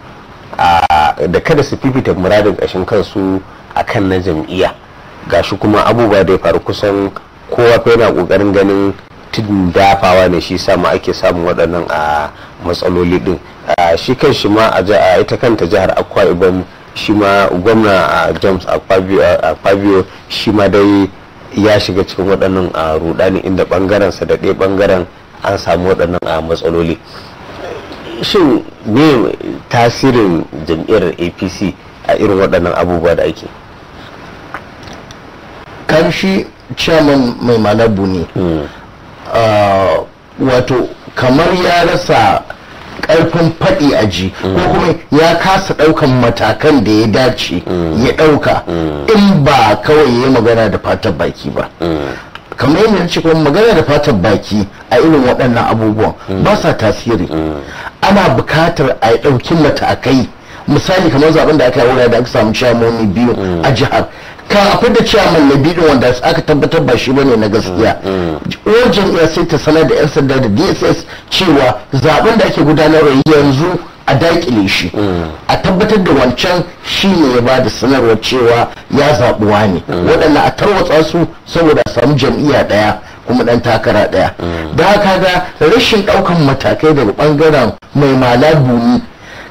da kada su fifita muradin kashin kansu a kan na jam'iyya shi kuma abubuwa da ya faru kusan kowa fa yana kokarin ganin tudun dafawa ne shi ma ake samun waɗannan a matsaloli din shi kan shi ma a ita kanta jihar akwa ibom shi ma gwamna james akpabio shi ma dai ya shiga cikin waɗannan a rudani inda ɓangaren sa da ɗaya ɓangaren an samu waɗannan a matsaloli shin ne tasirin jam'iyyar apc a irin waɗannan abubuwa da ake kamshi chairman mai malabu ne hmm. wato kamar ya rasa karfin faɗi a ji ko mm. kuma ya kasa ɗaukan matakan da ya dace mm. ya ɗauka mm. in ba kawai ya yi magana da fatan baki ba kamar yadda ce kuma magana da fatan baki a irin waɗannan abubuwan ba sa tasiri ana buƙatar a ɗauki matakai misali kamar zaben da aka yi wurare da aka samu shamoni biyu a jihar ka akwai da mai labirin wanda aka tabbatar ba shi bane na gaskiya mm-hmm. uwar jam'iyyar sai ta sanar da yan sanda da dss cewa zaɓen da ake gudanarwa yanzu a dakile shi mm-hmm. a tabbatar da wancan shi ne ya bada sanarwar cewa ya zaɓuwa ne mm-hmm. waɗanda a tarwatsa su saboda a samu jam'iyya ɗaya kuma ɗan takara ɗaya da haka ga rashin ɗaukan matakai daga ɓangaren mai mala duni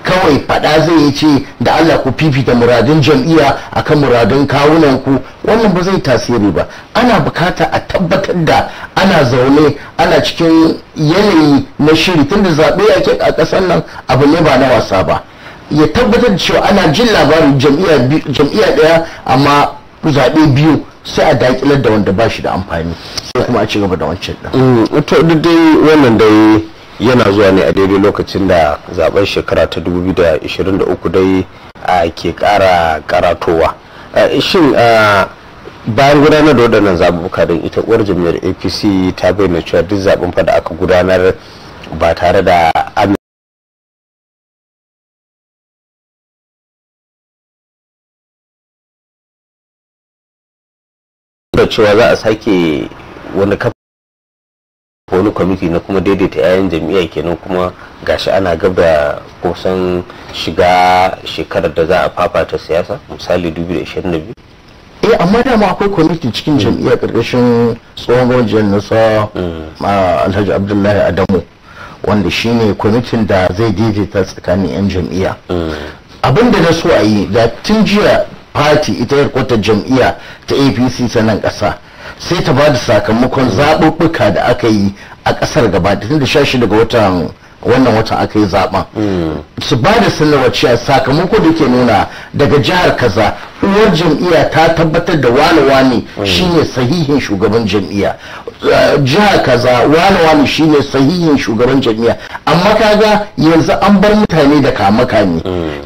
kawai fada zai yi ce da Allah ku fifita muradun jam'iyya akan muradun kawunan ku wannan ba zai tasiri ba ana bukata a tabbatar da ana zaune ana cikin yanayi na shiri tunda zaɓe yake a ƙasar nan abu ne ba na wasa ba ya tabbatar da cewa ana jin labarin jam'iyya ɗaya amma zaɓe biyu sai a daƙilar da wanda ba shi da amfani sai kuma a ci da wancan mm, to dai wannan dai yana zuwa ne a daidai lokacin da zaben shekara ta 2023 dai ke kara karatowa shin bayan gudanar da waɗannan zaɓuɓɓuka don ita uwar jami'ar apc ta bayyana cewa duk zaɓen fada aka gudanar ba tare da amina. da cewa za a sake wani kafa wani kwamiti na kuma daidaita 'ya'yan jam'iyya kenan kuma gashi ana gab da kusan shiga shekarar da za a fafata siyasa misali 2022 eh amma da dama akwai kwamiti cikin mm. jam'iyya ƙarƙashin tsohon gwamnatin nasa mm. alhaji abdullahi adamu wanda shine kwamitin da zai daidaita tsakanin 'yan jam'iyya mm. abin da na so a yi da tun jiya fati ita kwatar jam'iyya ta apc sanan ƙasa sai ta bada sakamakon zaɓuɓɓuka da aka yi a ƙasar gaba tun da shashi daga wannan watan aka yi zaɓen hmm. su bada sanarwa cewa sakamako da ke nuna daga jihar kaza uwar jam'iyya ta tabbatar da wane wane shine sahihin shugaban jam'iyya eh, jiha kaza wane wane shine sahihin shugaban jam'iyya amma kaga yanzu an bar mutane da kama mm.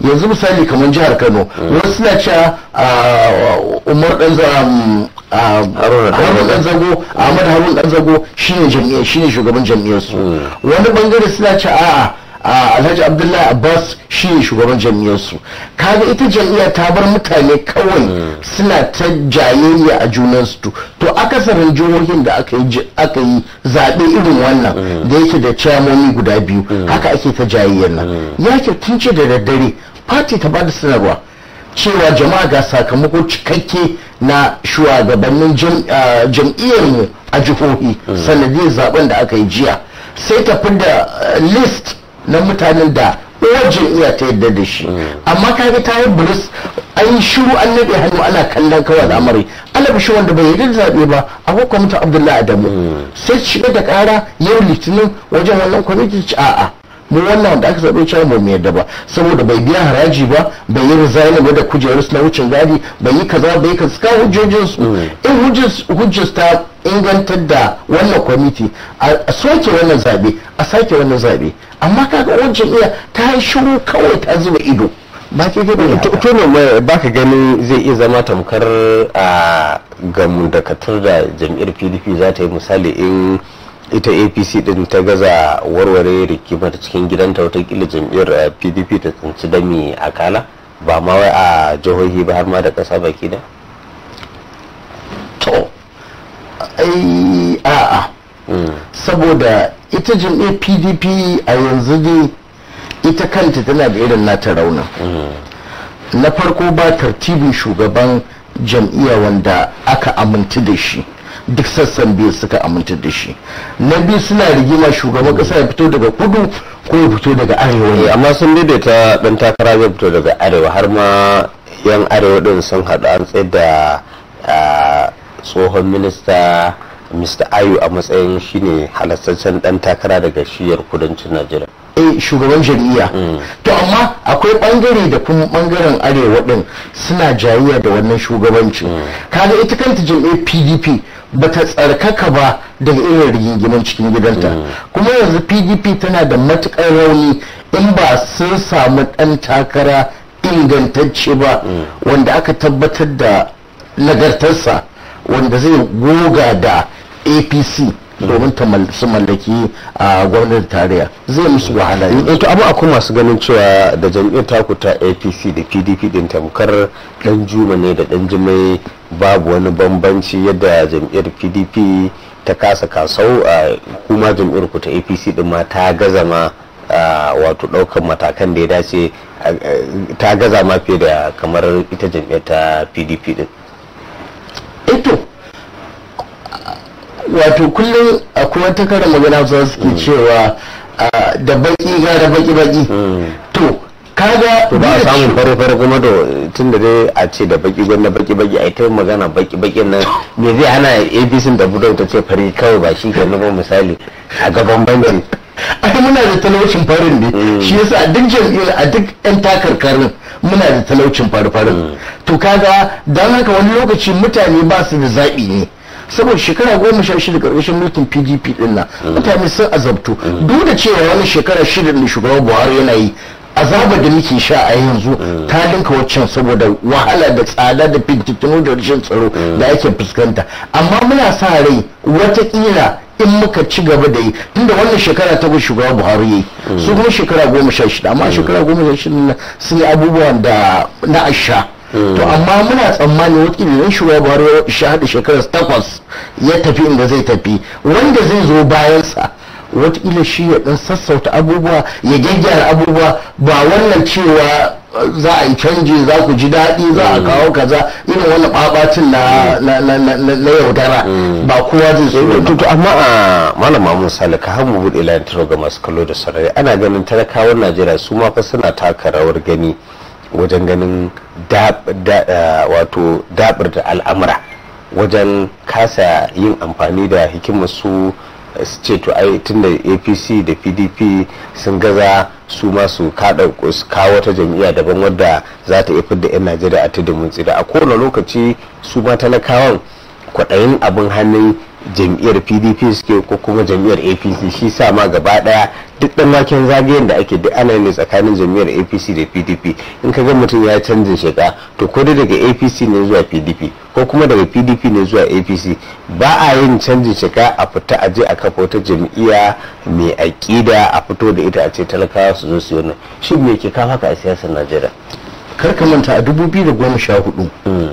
yanzu misali kamar jihar Kano mm. wasu na cewa ah, Umar dan Harun dan shine shugaban jam'iyyar mm. wani bangare suna cewa a'a alhaji abdullahi abbas shi ne shugaban jam'iyyarsu kaga ita jam'iyya ta bar mutane kawai suna ta jayayya a junansu to akasarin jihohin da aka yi zaɓe irin wannan da yake da ciyamomi guda biyu haka ake ta jayayyar nan ya ke tunce da daddare fati ta bada sanarwa cewa jama'a ga sakamako cikakke na shugabannin jam'iyyarmu a jihohi sanadiyar zaben da aka yi jiya sai ta fi da list na mutanen da wajen iya ta yadda da shi amma ka ga ta yi bris an yi shiru an naɗe hannu ana kallon kawai al'amari ala shi wanda bai yi da zaɓe ba a kwamitin abdullahi adamu sai shiga da ƙara yau litinin wajen wannan kwamitin ci a'a mu wannan wanda aka zaɓe cewa mu yadda ba saboda bai biya haraji ba bai yi resign ba da kujerus na wucin gadi bai yi kaza bai kaza ka hujjojin su mm. in hujjojin ta ingantar da wannan kwamiti a soke wannan zaɓe a sake wannan zaɓe amma kaga wancan iya ta yi shiru kawai ta zuba ido ba ke gani to ne ba ka ganin zai iya zama tamkar a gamun da jam'iyyar pdp za ta yi misali in ita apc din ta gaza warware rikimar cikin gidanta watakila jam'iyyar pdp ta tsinci dami a kala ba ma wai a jihohi ba har ma da ƙasa baki da to ai a'a saboda ita jam'iyyar pdp a yanzu ne ita kanta tana da irin nata raunin na farko ba tartibin shugaban jam'iyya wanda aka amintu da shi duk sassan biyu suka aminta da shi na biyu suna rigima shugaban kasa ya fito daga kudu ko ya fito daga arewa ne eh, amma sun daidaita dan takara zai fito daga arewa har ma yan arewa din sun hadu an tsaye da ah, tsohon minista mr ayu a matsayin shine halastaccen ɗan takara daga shiyar kudancin najeriya eh shugaban jam'iyya mm. to amma akwai bangare da kuma bangaren arewa din suna jayayya da wannan shugabanci mm. kaga ita kanta jam'iyyar pdp bata tsarkaka ba daga irin rigingimin cikin gidanta mm. kuma yanzu pdp tana da matukar rauni in ba sun samu ɗan takara ingantacce ba wanda aka tabbatar da nagartarsa wanda zai goga da apc domin su mallaki a gwamnatin tarayya zai musu wahala yanzu eh, to abu akwai masu ganin cewa da jam'iyyar taku ta apc da pdp din tamkar dan juma ne da dan jimai babu wani bambanci yadda jam'iyyar pdp ta kasa kasau a kuma jam'iyyar ku ta apc din ma ta gaza ma wato daukan matakan da ya dace ta gaza ma fiye da kamar ita jam'iyyar ta pdp din eh wato kullum akwai wata kara magana za ke mm. cewa da baki da baki baki mm. to kaga to ba a samu fare fare kuma to tun da dai a ce da baki gwanda baki baki a ta magana baki baki nan me zai hana abc da budau ta ce fari kawai ba shi ke nufin misali a gaban banki. ai muna da talaucin farin ne mm. shi yasa a duk jam'iyyar a duk yan takarkarin muna da talaucin fari farin to kaga don haka wani lokaci mutane ba su da zaɓi ne saboda shekara goma sha shida ƙarƙashin mulkin pdp ɗin nan mm. mutane sun azabtu mm. duk da cewa wani shekara shida da shugaban buhari yana yi azaba da muke sha a yanzu mm. ta dinka waccan saboda wahala da tsada da fitintunu da rashin tsaro da ake fuskanta amma muna sa rai watakila in muka ci gaba da yi tunda wannan shekara ta gudu shugaba buhari yi su kuma shekara goma sha shida amma shekara goma sha shida sun yi abubuwan da na asha to amma muna tsammani wakilin ne shugaba buhari ya shahada shekarar takwas ya tafi inda zai tafi wanda zai zo bayansa wakilin shi ya dan sassauta abubuwa ya gyaggyara abubuwa ba wannan cewa uh, za a yi canji za ku ji daɗi za a kawo kaza irin wannan ɓaɓacin na yaudara mm. ba kowa zai so to amma a uh, malam mamun sale ka hamu buɗe layin ga masu kallo da sarari ana ganin talakawan najeriya su ma fa suna taka rawar gani wajen ganin eh, wato dabar da al'amura wajen kasa yin amfani da hikimar su eh, su ce to ai tunda apc da pdp sun gaza su kada su kawo wata jam'iyya daban wadda za ta iya fidda 'yan najeriya a tudun mun tsira a kowane lokaci su ma talakawan kwaɗayin abin hannun jam'iyyar pdp suke ko kuma jam'iyyar apc shi sa ma gaba ɗaya duk dan waken zagayen da ake da ana ne tsakanin jami'ar apc da pdp in ka ga mutum ya canjin shiga to ko dai daga apc ne zuwa pdp ko kuma daga pdp ne zuwa apc ba a yin canjin shiga a fita a je a kafa wata jam'iyya mai aƙida a fito da ita a ce talakawa su zo su yi shi me ke kawo haka a siyasar najeriya kar ka manta a 2014 hmm.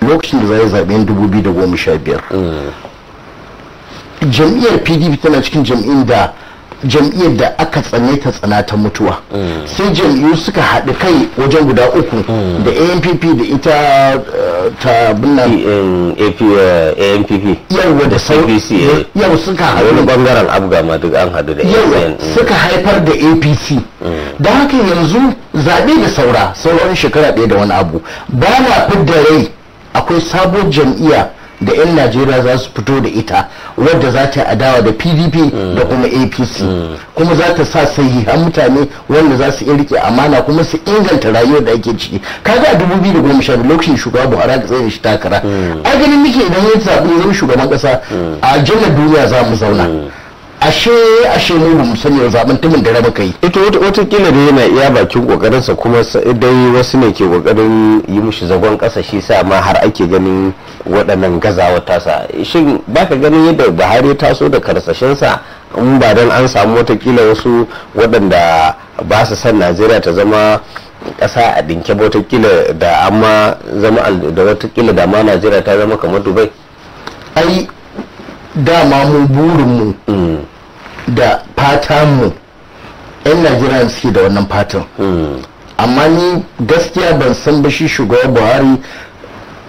lokacin da za a zaɓen 2015 hmm. jam'iyyar pdp tana cikin jam'in da jam'iyyar da aka tsane ta tsana ta mutuwa sai jam'iyyu suka haɗu kai wajen guda uku da ampp da ita eh, ta binna ampp eh, yawa da cbc yau suka haɗu wani bangaren abga ma duk an haɗu da yawa suka haifar da apc da haka yanzu zaɓe da saura sauran shekara ɗaya da wani abu ba na fidda rai akwai sabon jam'iyya da 'yan najeriya za su fito da ita wadda za ta adawa da pdp da mm. kuma apc mm. kuma za ta sa sahihan mutane wanda za su iya rike amana kuma su inganta rayuwar da ake ciki kaga a dubu biyu da goma sha lokacin shugaba buhari da tsaye shi takara mm. a ganin muke idan ya zaɓi zama shugaban ƙasa a jannat duniya za mu zauna ashe ashe mu mu sani ya zaben tumin da raba kai ita wata wata kila da yana iya bakin kokarin sa kuma dai wasu ne ke kokarin yi mushi zagon kasa shi sa ma har ake ganin waɗannan gazawa tasa shin baka ganin yadda Buhari taso da karsashin sa in ba dan an samu wata kila wasu waɗanda ba su san Najeriya ta zama kasa a dinke ba da amma zama da wata da ma Najeriya ta zama kamar Dubai ai dama mu burin mu mm. da fata mu 'yan najeriya suke da wannan fatan hmm. amma ni gaskiya ban san ba shi shugaban buhari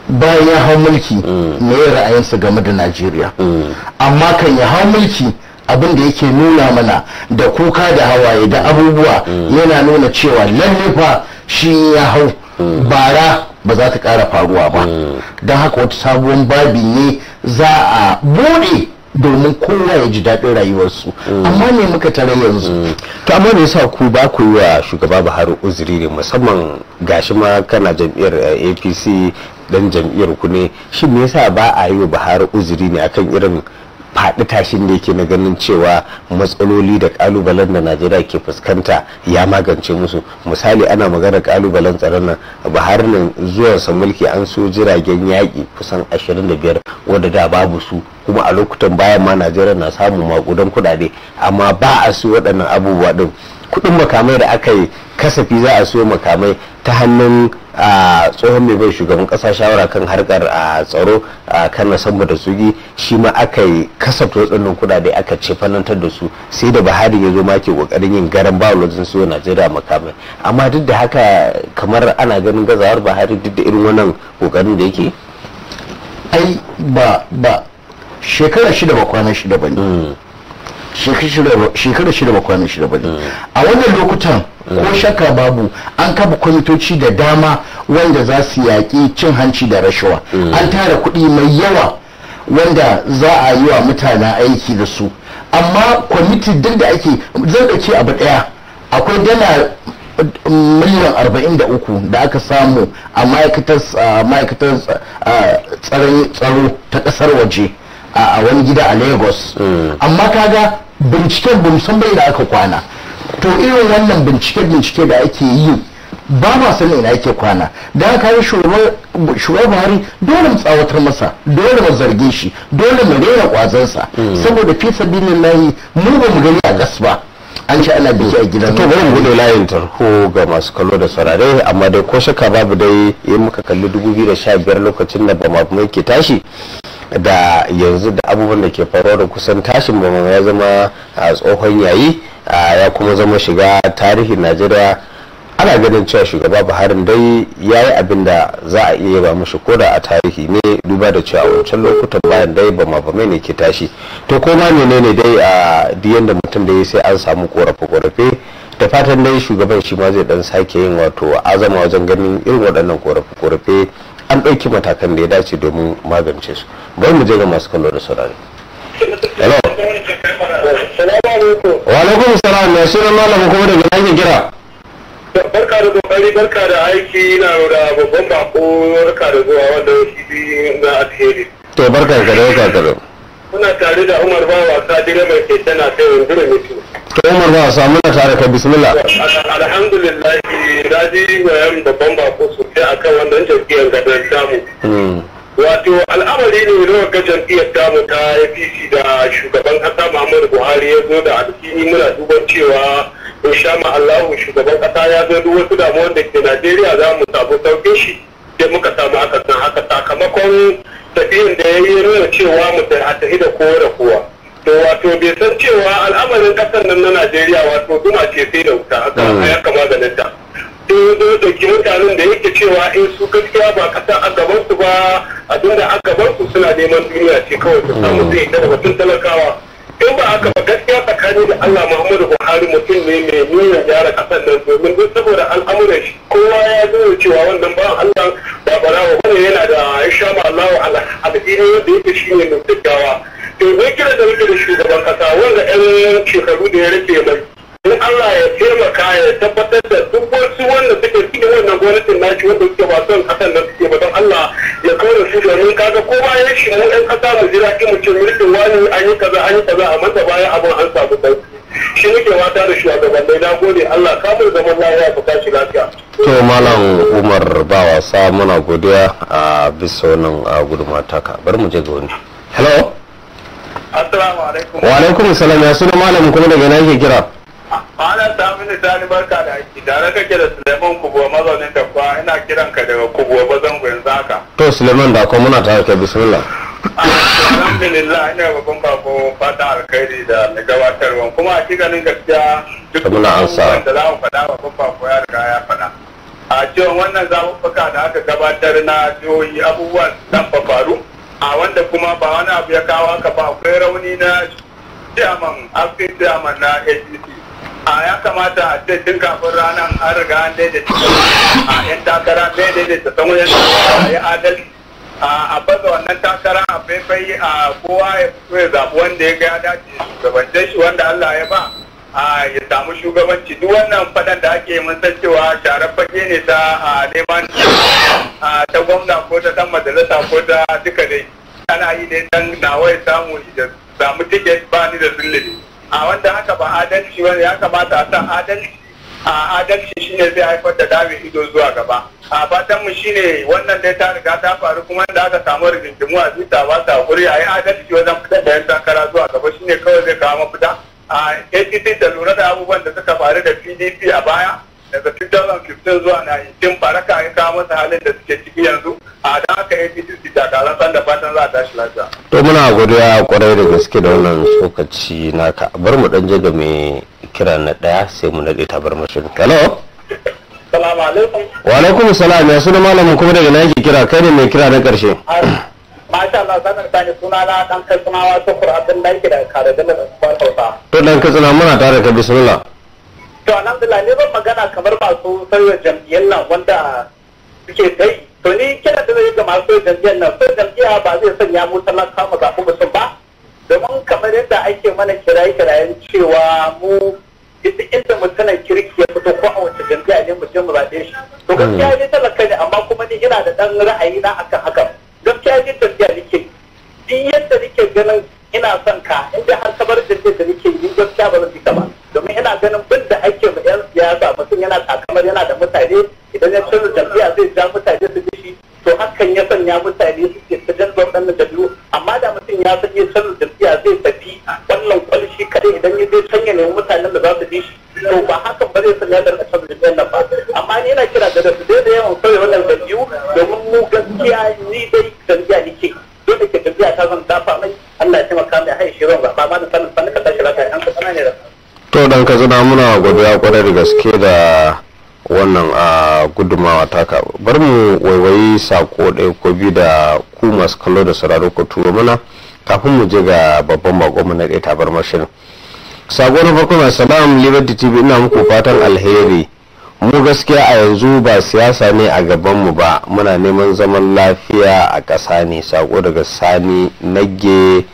bayan ya hau mulki hmm. me ya ra'ayinsa game da najeriya hmm. amma kan ya hau mulki abin da yake nuna mana da kuka da hawaye da abubuwa yana nuna cewa lalle fa shi ya hau bara ba za ta kara faruwa ba don haka wata sabuwar babi ne za a buɗe domin kowa ya ji daɗin rayuwarsu amma ne muka tare yanzu mm. to amma me yasa ku ba ku yi wa shugaba Buhari uzuri ne musamman gashi ma kana jam'iyyar eh, APC dan jam'iyyar ku ne shi me yasa ba a yi wa Buhari uzuri ne akan irin faɗi tashin da yake na ganin cewa matsaloli da ƙalubalen da najeriya ke fuskanta ya magance musu misali ana magana ƙalubalen tsaron nan buhari nan zuwansa mulki an so jiragen yaƙi kusan 25 wadda da babu su kuma a lokutan bayan ma najeriya na samun maƙudan kudade amma ba a su waɗannan abubuwa ɗin kudin makamai da aka yi kasafi za a siyo makamai ta hannun a tsohon mai bai shugaban ƙasa shawara kan harkar a tsaro a kan nasambu da sugi shi ma aka yi kasafta waɗannan kudade aka ce fanantar da su sai da buhari ya zo ma ke kokarin yin garan bawa wajen siyo najeriya makamai amma duk da haka kamar ana ganin gazawar buhari duk da irin wannan kokarin da yake ai ba ba shekara shida ba kwana shida ba ne hmm. shekara shida ba kwana shida ba ne hmm. a wannan lokutan ko hmm. shakka babu an kafa kwamitoci da dama wanda za su yaƙi cin hanci da rashawa an tara kuɗi mai yawa wanda za a yi wa mutane aiki da su amma kwamiti duk da ake zan abu ɗaya akwai dana mm, miliyan 43 da aka samu a ma'aikatar tsaro ta ƙasar waje a wani gida a lagos mm. amma kaga binciken ba san bai da aka kwana to irin wannan bincike-bincike da ake yi ba ma san ina yake kwana da aka yi shugaban buhari dole mu tsawatar masa dole mu zarge shi dole mu rera kwazansa mm. saboda fi sabilillahi mu ba mu gani a gas ba an sha ana biki a gidan to bari mu gode layin tarho ga masu kallo da saurare amma dai ko shaka babu dai in muka kalli 2015 lokacin da ba mu ke tashi da yanzu da abubuwan da ke faruwa da kusan tashin bama ya zama a tsohon yayi ya kuma zama shiga tarihin najeriya ana ganin cewa shugaba buhari dai ya yi abin da za a iya yaba ko koda a tarihi ne duba da cewa wancan lokutan bayan dai ba ma bame ne ke tashi to ko ma ne dai a diyan da mutum da ya sai an samu korafe korafe da fatan dai shugaban shi ma zai dan sake yin wato azama wajen ganin irin waɗannan korafe korafe an ɗauki matakan da ya dace domin magance su bari mu je ga masu kallo da saurari hello wa alaikum salam na shirin malam kuma daga kira barka da kokari barka da aiki na da babban bako barka da zuwa wanda shi na alheri to barka da kada ka kada Muna tare da Umar ba wasa direban ke tana kai wundura mutu. To Umar ba wasa muna tare ka bismillah. Alhamdulillah na ji wayan babban bako sosai akan wannan jam'iyyar gadar tamu. Hmm. Wato al'amari ne lokacin jam'iyyar tamu ta APC da shugaban kasa Muhammadu Buhari ya zo da alfini muna duban cewa insha Allahu shugaban kasa ya zo duk wasu damuwar da ke Najeriya za mu samu sauƙin shi. Sai muka samu haka haka sakamakon tafiyan da ya yi nuna cewa mutum a tafi da kowa da kowa to wato bai san cewa al'amarin kasar nan na najeriya wato duma ce sai da wuta haka mm. ya kama da nata to zo dauki mutanen da yake cewa in eh, su gaskiya ba kasa a gaban su ba abinda a gaban su suna neman duniya ce kawai su samu zai mm. ta da tun talakawa in ba haka ba gaskiya tsakani da Allah Muhammadu Buhari mutum ne mai nuna gyara kasar nan domin duk saboda al'amuran shi kowa ya zo cewa wannan ba Allah ba barawa bane yana da insha Allah al'adini wanda yake shi ne mai gaggawa to zai kira da rike da shugaban kasa wanda 'yan shekaru da ya rike mai in Allah ya taimaka ya tabbatar da duk wasu wanda suke cikin wannan gwamnatin na shi wanda suke wasan son kasan nan suke ba don Allah ya kawo su domin kaga ko ya shi mu ɗan ƙasa mu jira ki mu ce mulkin wani an yi kaza an yi kaza a manta bayan abin an samu sauki shi muke wata da shugabannin na gode Allah ka mu zaman lafiya ku tashi lafiya. to malam umar ba wasa muna godiya a bisa wannan gudunmawa taka bari mu je ga wani. hello. assalamu alaikum. wa alaikum salam ya suna malamin kuma daga ina yake kira. Ana ta ni barka da aiki tare kake da Suleiman Kubuwa mazaunin Dabba ina kiran ka daga Kubuwa bazan yanzu haka. To Suleiman da kuma muna tare ka bismillah. Ah, alhamdulillah ina babban bako fatan alkhairi da na gabatarwa kuma a ganin gaskiya duk wanda za mu faɗa babban bako ya riga ya faɗa. A cewa wannan zaɓuɓɓuka da aka gabatar na jihohi abubuwan nan ba faru a wanda kuma ba wani abu ya kawo haka ba akwai rauni na chairman, acting chairman na AGC a ya kamata a ce tun kafin ranar an riga an daidaita a yan takara ɗaya daidaita san wajen a yi adalci a baza wannan takara a faifai a kowa ya fito ya zaɓi wanda ya ga ya dace shugabance shi wanda Allah ya ba a ya samu shugabanci duk wannan faɗan da ake mun san cewa sharar fage ne ta neman ta gwamna ko ta dan majalisa ko ta duka dai ana yi ne dan nawa ya samu ya samu tiket ba ni da zulli a wanda haka ba adalci bane ya kamata a san adalci a adalci shine zai haifar da dawe ido zuwa gaba a fatan mu shine wannan dai ta riga ta faru kuma da aka samu rigingimu a zuta ba ta guri a yi adalci wajen fitar da yan takara zuwa gaba shine kawai zai kawo mafita a APC da lura da abubuwan da suka faru da PDP a baya daga 2015 zuwa 19 baraka ya kawo masa halin da suke ciki yanzu a da aka yi titi takarar san da fatan za a tashi lafiya. to muna godiya kwarai da gaske da wannan tsokaci naka bar mu dan jaga mai kira na daya sai mu nade ta bar mashin hello salamu alaikum wa alaikum salam ya suna malamin kuma daga nake kira kai ne mai kira na karshe masha Allah sanar ta ne suna na dan suna wa tukur abdullahi da kare da ban kwatauta to dan suna muna tare ka bismillah to alhamdulillah ne ban magana kamar masu sauya jam'iyyar nan wanda suke dai to ni kira da zai ga masu jam'iyyar nan sai jam'iyya ba zai sanya mu talaka mu zaɓi mutum ba domin kamar yadda ake mana kiraye-kirayen cewa mu duk inda mutumin kirki ya fito ko a wace jam'iyya ne mu mutum mu zaɓe shi to hmm. gaskiya ne talaka ne amma kuma ni ina da ɗan ra'ayi na akan hakan gaskiya ne jam'iyya nake din yadda nake ganin ina son ka inda har kamar jam'iyyar da nake yi gaskiya ba zan fita ba domin ina ganin bin da ake siyasa mutum yana takamar yana da mutane idan ya canza jam'iyya zai ja mutane su bishi to hakan ya sanya mutane su ke ta canza waɗannan jam'iyyu amma da mutum ya san ya canza jam'iyya zai tafi wannan kwalshi kadai idan ya zai sanya ne mutanen da za su bi shi to ba hakan ba zai sanya da canza jam'iyyar nan ba amma ni yana kira da su daidai yawan sauya wannan jam'iyyu domin mu gaskiya ni dai jam'iyya nake dole ke jam'iyya ta zan dafa mai Allah ya taimaka mai haishe ruwan ba ba ma da sanin sanin ka tashi lafiya an ka ne da to dan ka zana muna godiya kwarai da gaske da wannan a gudumawa taka bar mu waiwayi sako ɗaya ko bi da ku masu kallo da sauraro ko turo mana kafin mu je ga babban bakonmu na ɗaya tabar mashin. sako na farko mai salam liberty tv ina muku fatan alheri mu gaskiya a yanzu ba siyasa ne a gaban mu ba muna neman zaman lafiya a ƙasa ne sako daga sani nage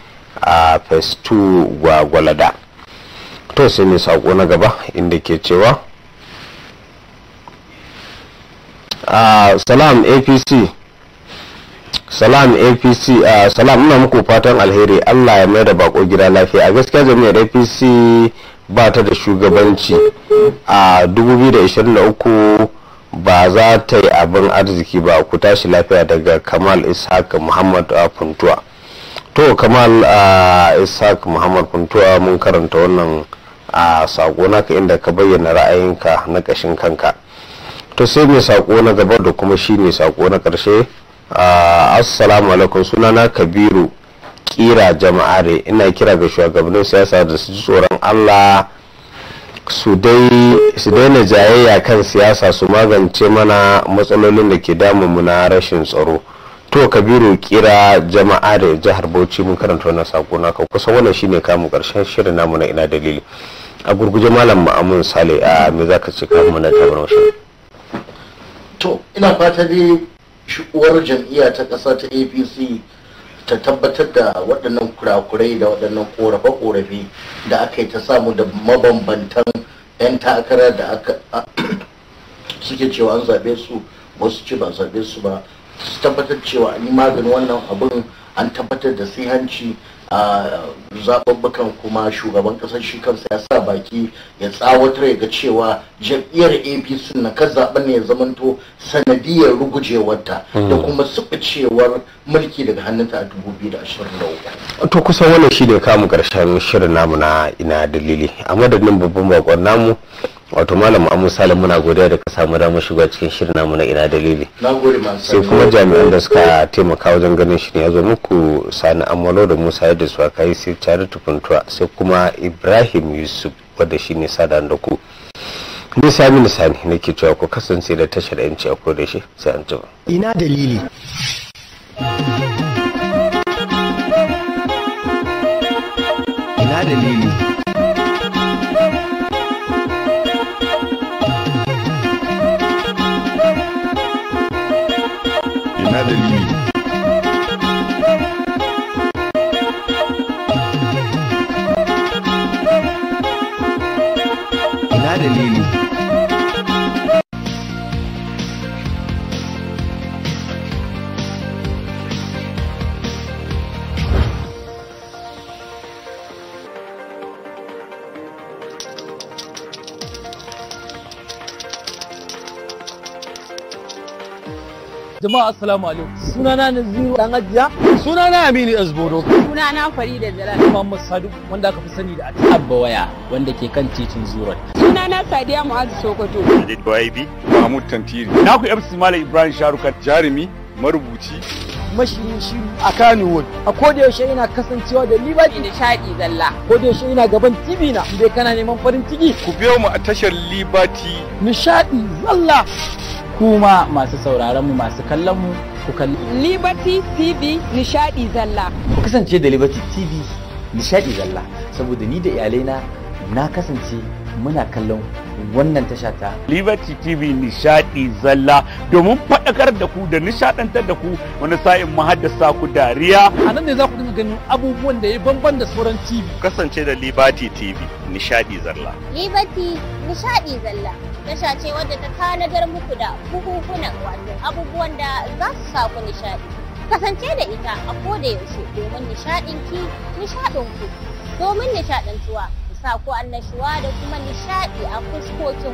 a festu gwagwalada to sai mai sako na gaba inda ke cewa ah, a salam apc salam ah, apc salam ina muku fatan alheri allah ya mai da bako gida lafiya a gaskiya jami'ar apc ba ta da shugabanci a 2023 ba za ta yi abin arziki ba ku tashi lafiya daga kamal ishaq muhammad ah, funtuwa to kamal ishaq muhammad funtuwa mun karanta wannan a sako naka inda ka bayyana ra'ayinka na ƙashin kanka to sai mai sako na gaba da kuma shi mai sako na ƙarshe assalamu alaikum sunana kabiru kira jama'are ina kira ga shugabannin siyasa da su ji tsoron allah su daina jayayya kan siyasa su magance mana matsalolin da ke damunmu na rashin tsaro to kabiru kira jama'are jihar bauchi mun karanta wannan sako naka kusan wannan shine kamun karshen shirin namu na ina dalili a gurguje malam ma'amun sale a me za ka ce ka na tabar mashi to ina fata dai uwar jam'iyya ta ƙasa ta apc ta tabbatar da waɗannan kurakurai da waɗannan ƙorafe-ƙorafe da aka yi ta samu da mabambantan 'yan takara da aka suke cewa an zaɓe su wasu ce ba zaɓe su ba su tabbatar cewa an yi maganin wannan abin an tabbatar da sai hanci a zaɓuɓɓukan kuma shugaban ƙasar shi kansa ya sa baki ya tsawatar ya ga cewa jam'iyyar apc na kan zaɓen ne ya zamanto sanadiyar rugujewarta da hmm. kuma cewar mulki daga hannunta a 2023 to kusan wannan shi ne kamun ƙarshen shirin namu na ina dalili a madadin babban bakon namu wato malam amu salim muna godiya da ka samu damar shiga cikin shirin namu na ina dalili sai kuma jami'an da suka taimaka wajen ganin shi ne ya zo muku sani amalo da musa yadda su aka yi sai tare tukuntuwa sai kuma ibrahim yusuf wadda shi ne sada da ku ni sami sani nake cewa ku kasance da tashar yanci a da shi sai an ina dalili ina dalili on a des limites. jama'a assalamu alaikum sunana Naziru dan ajiya sunana Aminu Azboro sunana Farida Jalal Muhammad Sadu wanda aka fi sani da Ati Abba Waya wanda ke kan titin Zurat sunana Sadiya Mu'azu Sokoto Jadid Baibi Mahmud Tantiri na ku MC Malam Ibrahim Sharuka jarumi marubuci mashirin shiru a Kanewood a koda yaushe ina kasancewa da Liberty Nishadi Zalla da yaushe ina gaban TV na dai kana neman farin ciki ku biyo mu a tashar Liberty Nishadi Zalla kuma masu sauraron mu masu kallon mu ku kalli Liberty TV nishadi zalla ku kasance da Liberty TV nishadi zalla saboda ni da iyalaina na kasance muna kallon wannan tasha ta Liberty TV nishadi zalla domin faɗakar da ku da nishadantar da ku wani sa'in mu haddasa ku dariya a nan ne za ku dinga ganin abubuwan da ya bamban da sauran TV kasance da Liberty TV nishadi zalla Liberty nishadi zalla tasha ce wadda ta tanadar muku da bukukunan wato abubuwan da za su sa ku nishaɗi. Kasance da ita a da yaushe domin nishaɗin ki nishaɗin ku domin nishaɗantuwa ku sa ku annashuwa da kuma nishaɗi a fuskokin ku.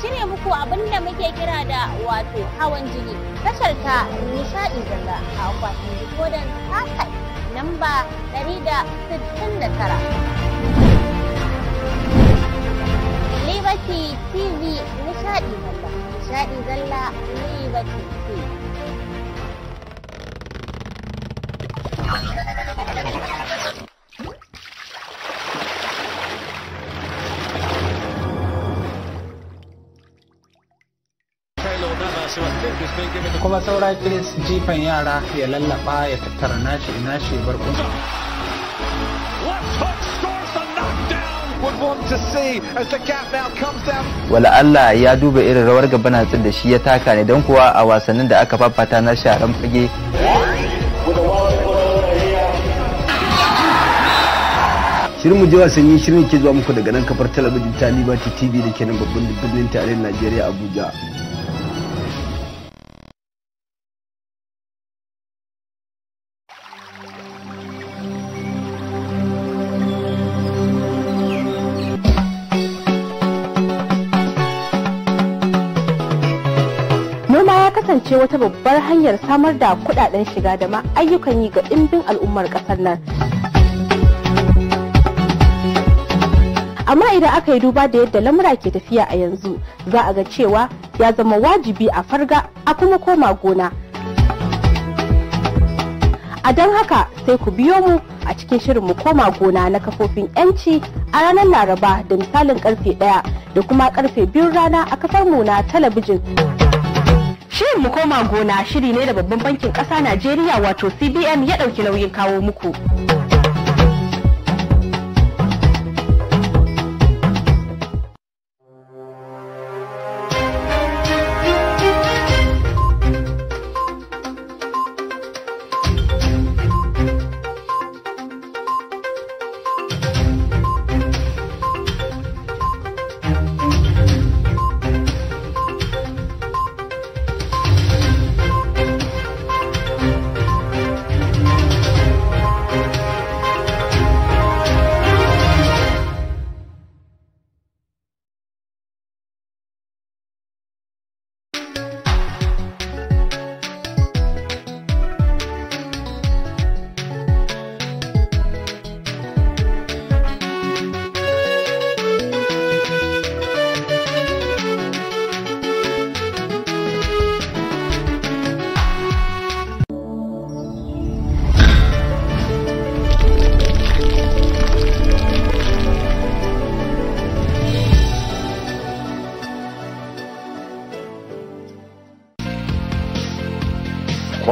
cire muku abin da muke kira da wato hawan jini. Tashar ta nishaɗi ganga a akwatin jikodan sittin namba 169. Liberty TV nishaɗi zalla, nishaɗi zalla Liberty TV. kuma saura kiris jifan yara ya lallaba ya tattara nashi nashi barkun. wala Allah ya duba irin rawar gaba hatsin da shi ya taka ne don kuwa a wasannin da aka fafata na sharan fage shirin mu je wasanni shirin ke zuwa muku daga nan kafar talabijin ta tv da ke nan babban birnin tarihin najeriya abuja wata babbar hanyar samar da kudaden shiga da ma ayyukan yi ga ɗimbin al'ummar ƙasar nan amma idan aka yi duba da yadda lamura ke tafiya a yanzu za a ga cewa ya zama wajibi a farga a kuma koma gona a don haka sai ku biyo mu a cikin shirin mu koma gona na kafofin yanci a ranar laraba da misalin karfe 1 da kuma karfe 2 rana a kafar mu na talabijin. Shirin mu koma gona shiri ne da babban bankin ƙasa Najeriya wato CBN ya ɗauki nauyin kawo muku.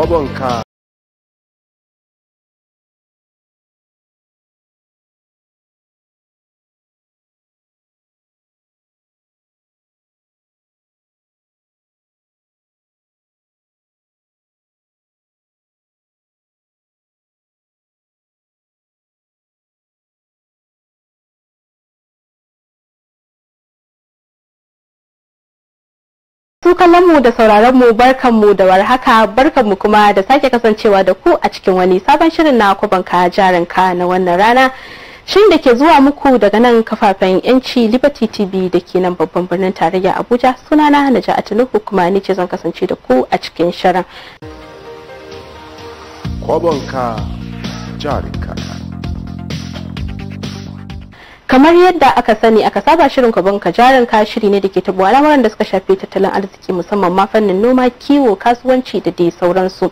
ọgbọ masu kallon mu da sauraron mu barkan mu da warhaka barkan mu kuma da sake kasancewa da ku a cikin wani sabon shirin na ka kubanka ka na wannan rana shin da ke zuwa muku daga nan kafafen yanci liberty tv da ke nan babban birnin tarayya abuja sunana na ja'atunuhu kuma ni ce zan kasance da ku a cikin shirin kwabonka jarika kamar yadda aka sani aka saba shirin kwabanka jarin ka shiri ne da ke tabo al'amuran da suka shafi tattalin arziki musamman ma fannin noma kiwo kasuwanci da dai sauransu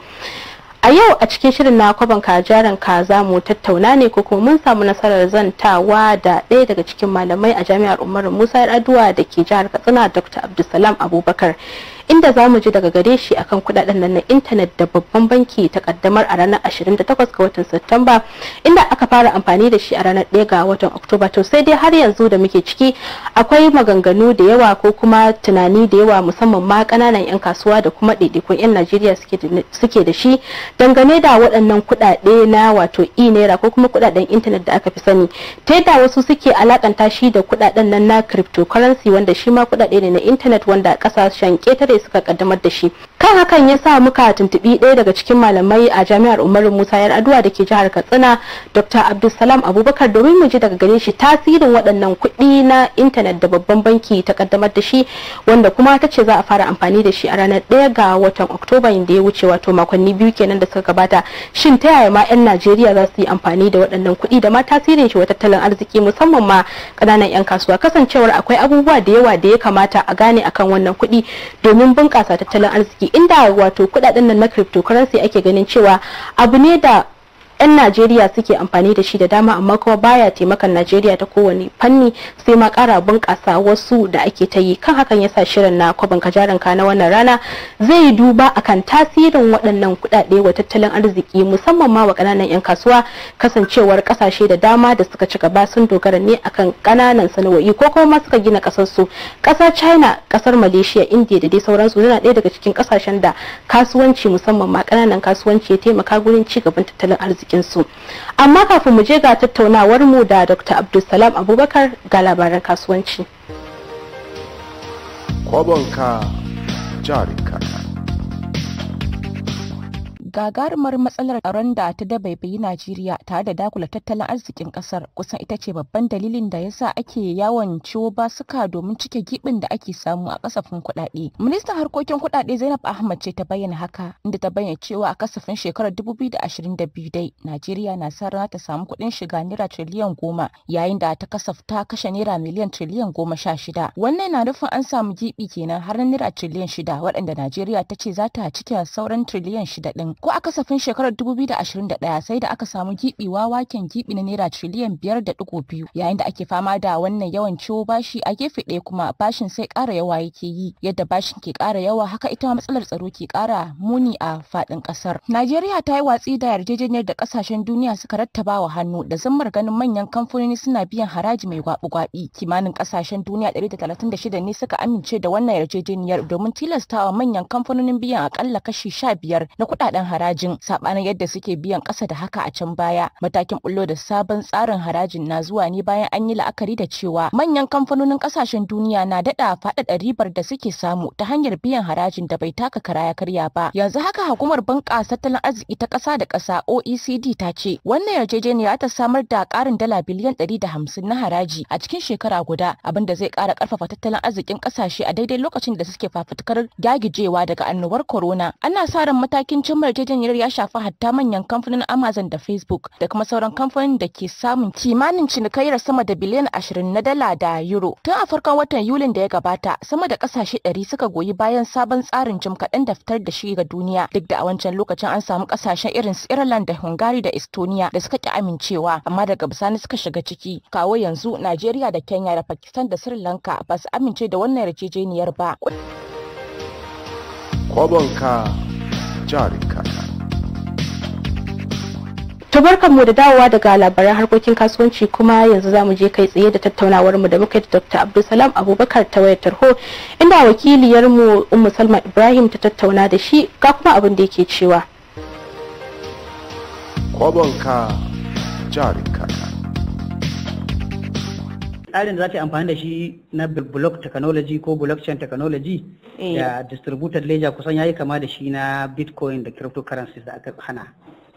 a yau a cikin shirin na kwaban jarin ka za mu tattauna ne ko kuma mun samu nasarar zantawa da ɗaya daga cikin malamai a jami'ar umaru musa yar'adua da ke jihar katsina dr abdulsalam abubakar inda za mu ji daga gare shi akan kudaden nan na intanet da babban banki ta kaddamar a ranar 28 ga watan Satumba inda aka fara amfani da shi a ranar 1 ga watan Oktoba to sai dai har yanzu da muke ciki akwai maganganu da yawa ko kuma tunani da yawa musamman ma kananan 'yan kasuwa da kuma ɗaiɗaikun 'yan Najeriya suke da shi dangane da waɗannan kudade na wato e-naira ko kuma kudaden intanet da aka fi sani ta yadda wasu suke alakanta shi da kudaden nan na cryptocurrency wanda shi ma kudade ne na intanet wanda kasashen ketare kawai suka kaddamar da shi kan hakan ya sa muka tuntubi ɗaya daga cikin malamai a jami'ar umaru musa yar aduwa da ke jihar katsina dr abdulsalam abubakar domin mu ji daga gare shi tasirin waɗannan kuɗi na intanet da babban banki ta kaddamar da shi wanda kuma ta ce za a fara amfani da shi a ranar ɗaya ga watan oktoba da ya wuce wato makonni biyu kenan da suka gabata shin ta yaya ma 'yan najeriya za su yi amfani da waɗannan kuɗi da ma tasirin shi wa tattalin arziki musamman ma ƙananan 'yan kasuwa kasancewar akwai abubuwa da yawa da ya kamata a gane akan wannan kuɗi domin don bunƙasa tattalin arziki inda wato kuɗaɗen nan na cryptocurrency ake ganin cewa abu ne da 'yan najeriya suke amfani da shi da dama amma kuma baya taimakan najeriya ta kowane fanni sai ma kara bunƙasa wasu da ake ta yi kan hakan yasa shirin na kwabin kajaran ka na wannan rana zai yi duba akan tasirin waɗannan kuɗaɗe wa tattalin arziki musamman ma wa ƙananan 'yan kasuwa kasancewar ƙasashe da dama da suka ci gaba sun dogara ne akan ƙananan sana'o'i ko kuma suka gina ƙasarsu ƙasar china ƙasar malaysia india da dai sauransu yana ɗaya daga cikin ƙasashen da kasuwanci musamman ma ƙananan kasuwanci ya taimaka gurin ci gaban tattalin arziki cikin su amma kafin mu je ga tattaunawar mu da Dr. Abdulsalam Abubakar ga labaran kasuwanci. Kwabonka jarinka. gagarumar matsalar tsaron da ta dabaibayi Najeriya tare da dakula tattalin arzikin kasar kusan ita ce babban dalilin da ya sa ake yawon ciwo basuka domin cike gibin da ake samu a kasafin kuɗaɗe. Ministan harkokin kuɗaɗe Zainab Ahmad ce ta bayyana haka inda ta bayyana cewa a kasafin shekarar 2022 dai Najeriya na sa rana ta samu kuɗin shiga naira triliyan goma yayin da ta kasafta kashe naira miliyan triliyan goma sha shida. Wannan na nufin an samu gibi kenan har na naira triliyan shida waɗanda Najeriya ta ce za ta cike sauran triliyan shida ɗin. ko a kasafin shekarar 2021 sai da aka samu gibi waken gibi na naira triliyan 5.2 yayin da ake fama da wannan yawan ciwo bashi a gefe ɗaya kuma bashin sai ƙara yawa yake yi yadda bashin ke ƙara yawa haka ita matsalar tsaro ke ƙara muni a faɗin ƙasar Najeriya ta yi watsi da yarjejeniyar da kasashen duniya suka rattaba wa hannu da zammar ganin manyan kamfanoni suna biyan haraji mai gwabi-gwabi kimanin ƙasashen duniya 136 ne suka amince da wannan yarjejeniyar domin tilastawa manyan kamfanonin biyan akalla kashi 15 na kuɗaɗen haraji harajin sabanin yadda suke biyan ƙasa da haka a can baya matakin bullo da sabon tsarin harajin na zuwa ne bayan an yi la'akari da cewa manyan kamfanonin ƙasashen duniya na daɗa faɗaɗa ribar da suke samu ta hanyar biyan harajin da bai taka karaya karya ba yanzu haka hukumar bunƙasa tattalin arziki ta ƙasa da ƙasa OECD ta ce wannan yarjejeniya ta samar da ƙarin dala biliyan hamsin na haraji a cikin shekara guda abin da zai ƙara ƙarfafa tattalin arzikin ƙasashe a daidai lokacin da suke fafutukar dagijewa daga annobar corona ana sa ran matakin cimmar yarjejeniyar ya shafi hatta manyan kamfanin Amazon da Facebook da kuma sauran kamfanin da ke samun kimanin cinikayyar sama da biliyan ashirin na dala da euro. Tun a farkon watan Yulin da ya gabata, sama da kasashe ɗari suka goyi bayan sabon tsarin jim kaɗan da fitar da shi ga duniya. Duk da a wancan lokacin an samu kasashen irin su Ireland da Hungary da Estonia da suka ƙi amincewa, amma daga bisani suka shiga ciki. Kawo yanzu Najeriya da Kenya da Pakistan da Sri Lanka ba su amince da wannan yarjejeniyar ba. Kwabonka. jarin kaka. tabarkan mu da dawowa daga labaran harkokin kasuwanci kuma yanzu zamu je kai tsaye da tattaunawar mu da muka da Dr. Abdulsalam Abubakar ta wayar tarho inda wakiliyar mu Ummu Salma Ibrahim ta tattauna da shi ga kuma abin da yake cewa. Kwabonka jarin tsarin da za ta yi amfani da shi na block technology ko blockchain technology eh. da distributed ledger kusan ya yi kama da shi na bitcoin da cryptocurrencies da aka hana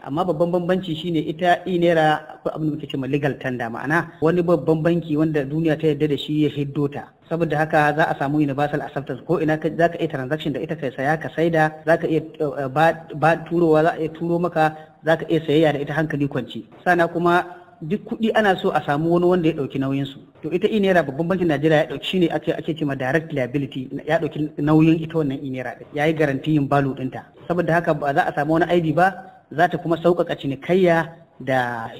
amma babban bambanci shine ita inera ko abin da muke cewa legal tender ma'ana wani babban banki wanda duniya ta yarda da shi ya hiddo ta saboda haka za a samu universal acceptance ko ina za ka iya transaction da ita kai saya ka saida za ka iya eh, ba turowa za a iya turo maka za ka iya sayayya da ita hankali kwanci sana kuma duk kuɗi ana so a samu wani wanda ya ɗauki nauyinsu to ita inera babban bankin najeriya ya ɗauki shine ake ake cewa direct liability ya ɗauki nauyin ita wannan inera ɗin ya yi garantiyin balu ɗinta saboda haka ba za a samu wani id ba za ta kuma sauƙaƙa cinikayya da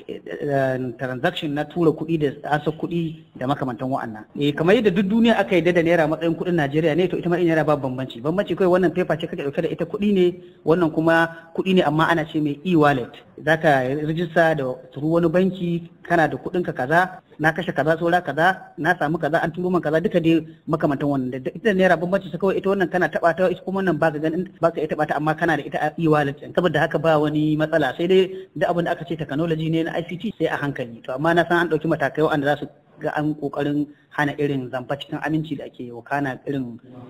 um, transaction na tura kuɗi da asa kuɗi da makamantan wa'annan eh kamar yadda duk duniya aka yi da naira matsayin kuɗin Najeriya ne to ita ma i naira ba bambanci bambanci kai wannan paper ce kake ɗauke da ita kuɗi ne wannan kuma kuɗi ne amma ana ce mai e-wallet za ka rijista da turu wani banki kana da kudin ka kaza na kashe kaza tsora kaza na samu kaza an turu man kaza duka dai makamantan wannan da ita naira bambanci ta kawai ita wannan kana taba ta ita kuma wannan baka ganin baka ita taba ta amma kana da ita a e-wallet saboda haka ba wani matsala sai dai duk abin da aka ce technology ne na ICT sai a hankali to amma na san an ɗauki matakai wanda za su ga an kokarin hana irin zamba cikin aminci da ake yi irin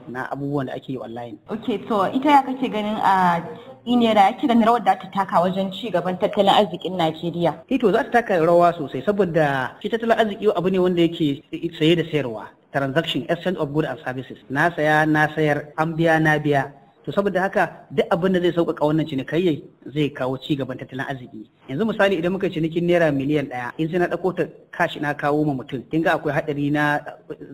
na abubuwan da ake yi online. Ok, to ita ya kake ganin a inera ya da rawar da ta taka wajen ci gaban tattalin arzikin Najeriya. Ito eh za ta taka rawa sosai saboda shi tattalin arziki abu ne wanda yake saye da sayarwa. Transaction, exchange of goods and services. Na saya, na sayar, an biya, na biya. to saboda haka duk abin da zai sauƙaƙa wannan cinikayya zai kawo ci gaban tattalin arziki yanzu misali idan muka cinikin naira miliyan ɗaya in sai na ɗauko ta kashi na kawo ma mutum kin ga akwai haɗari na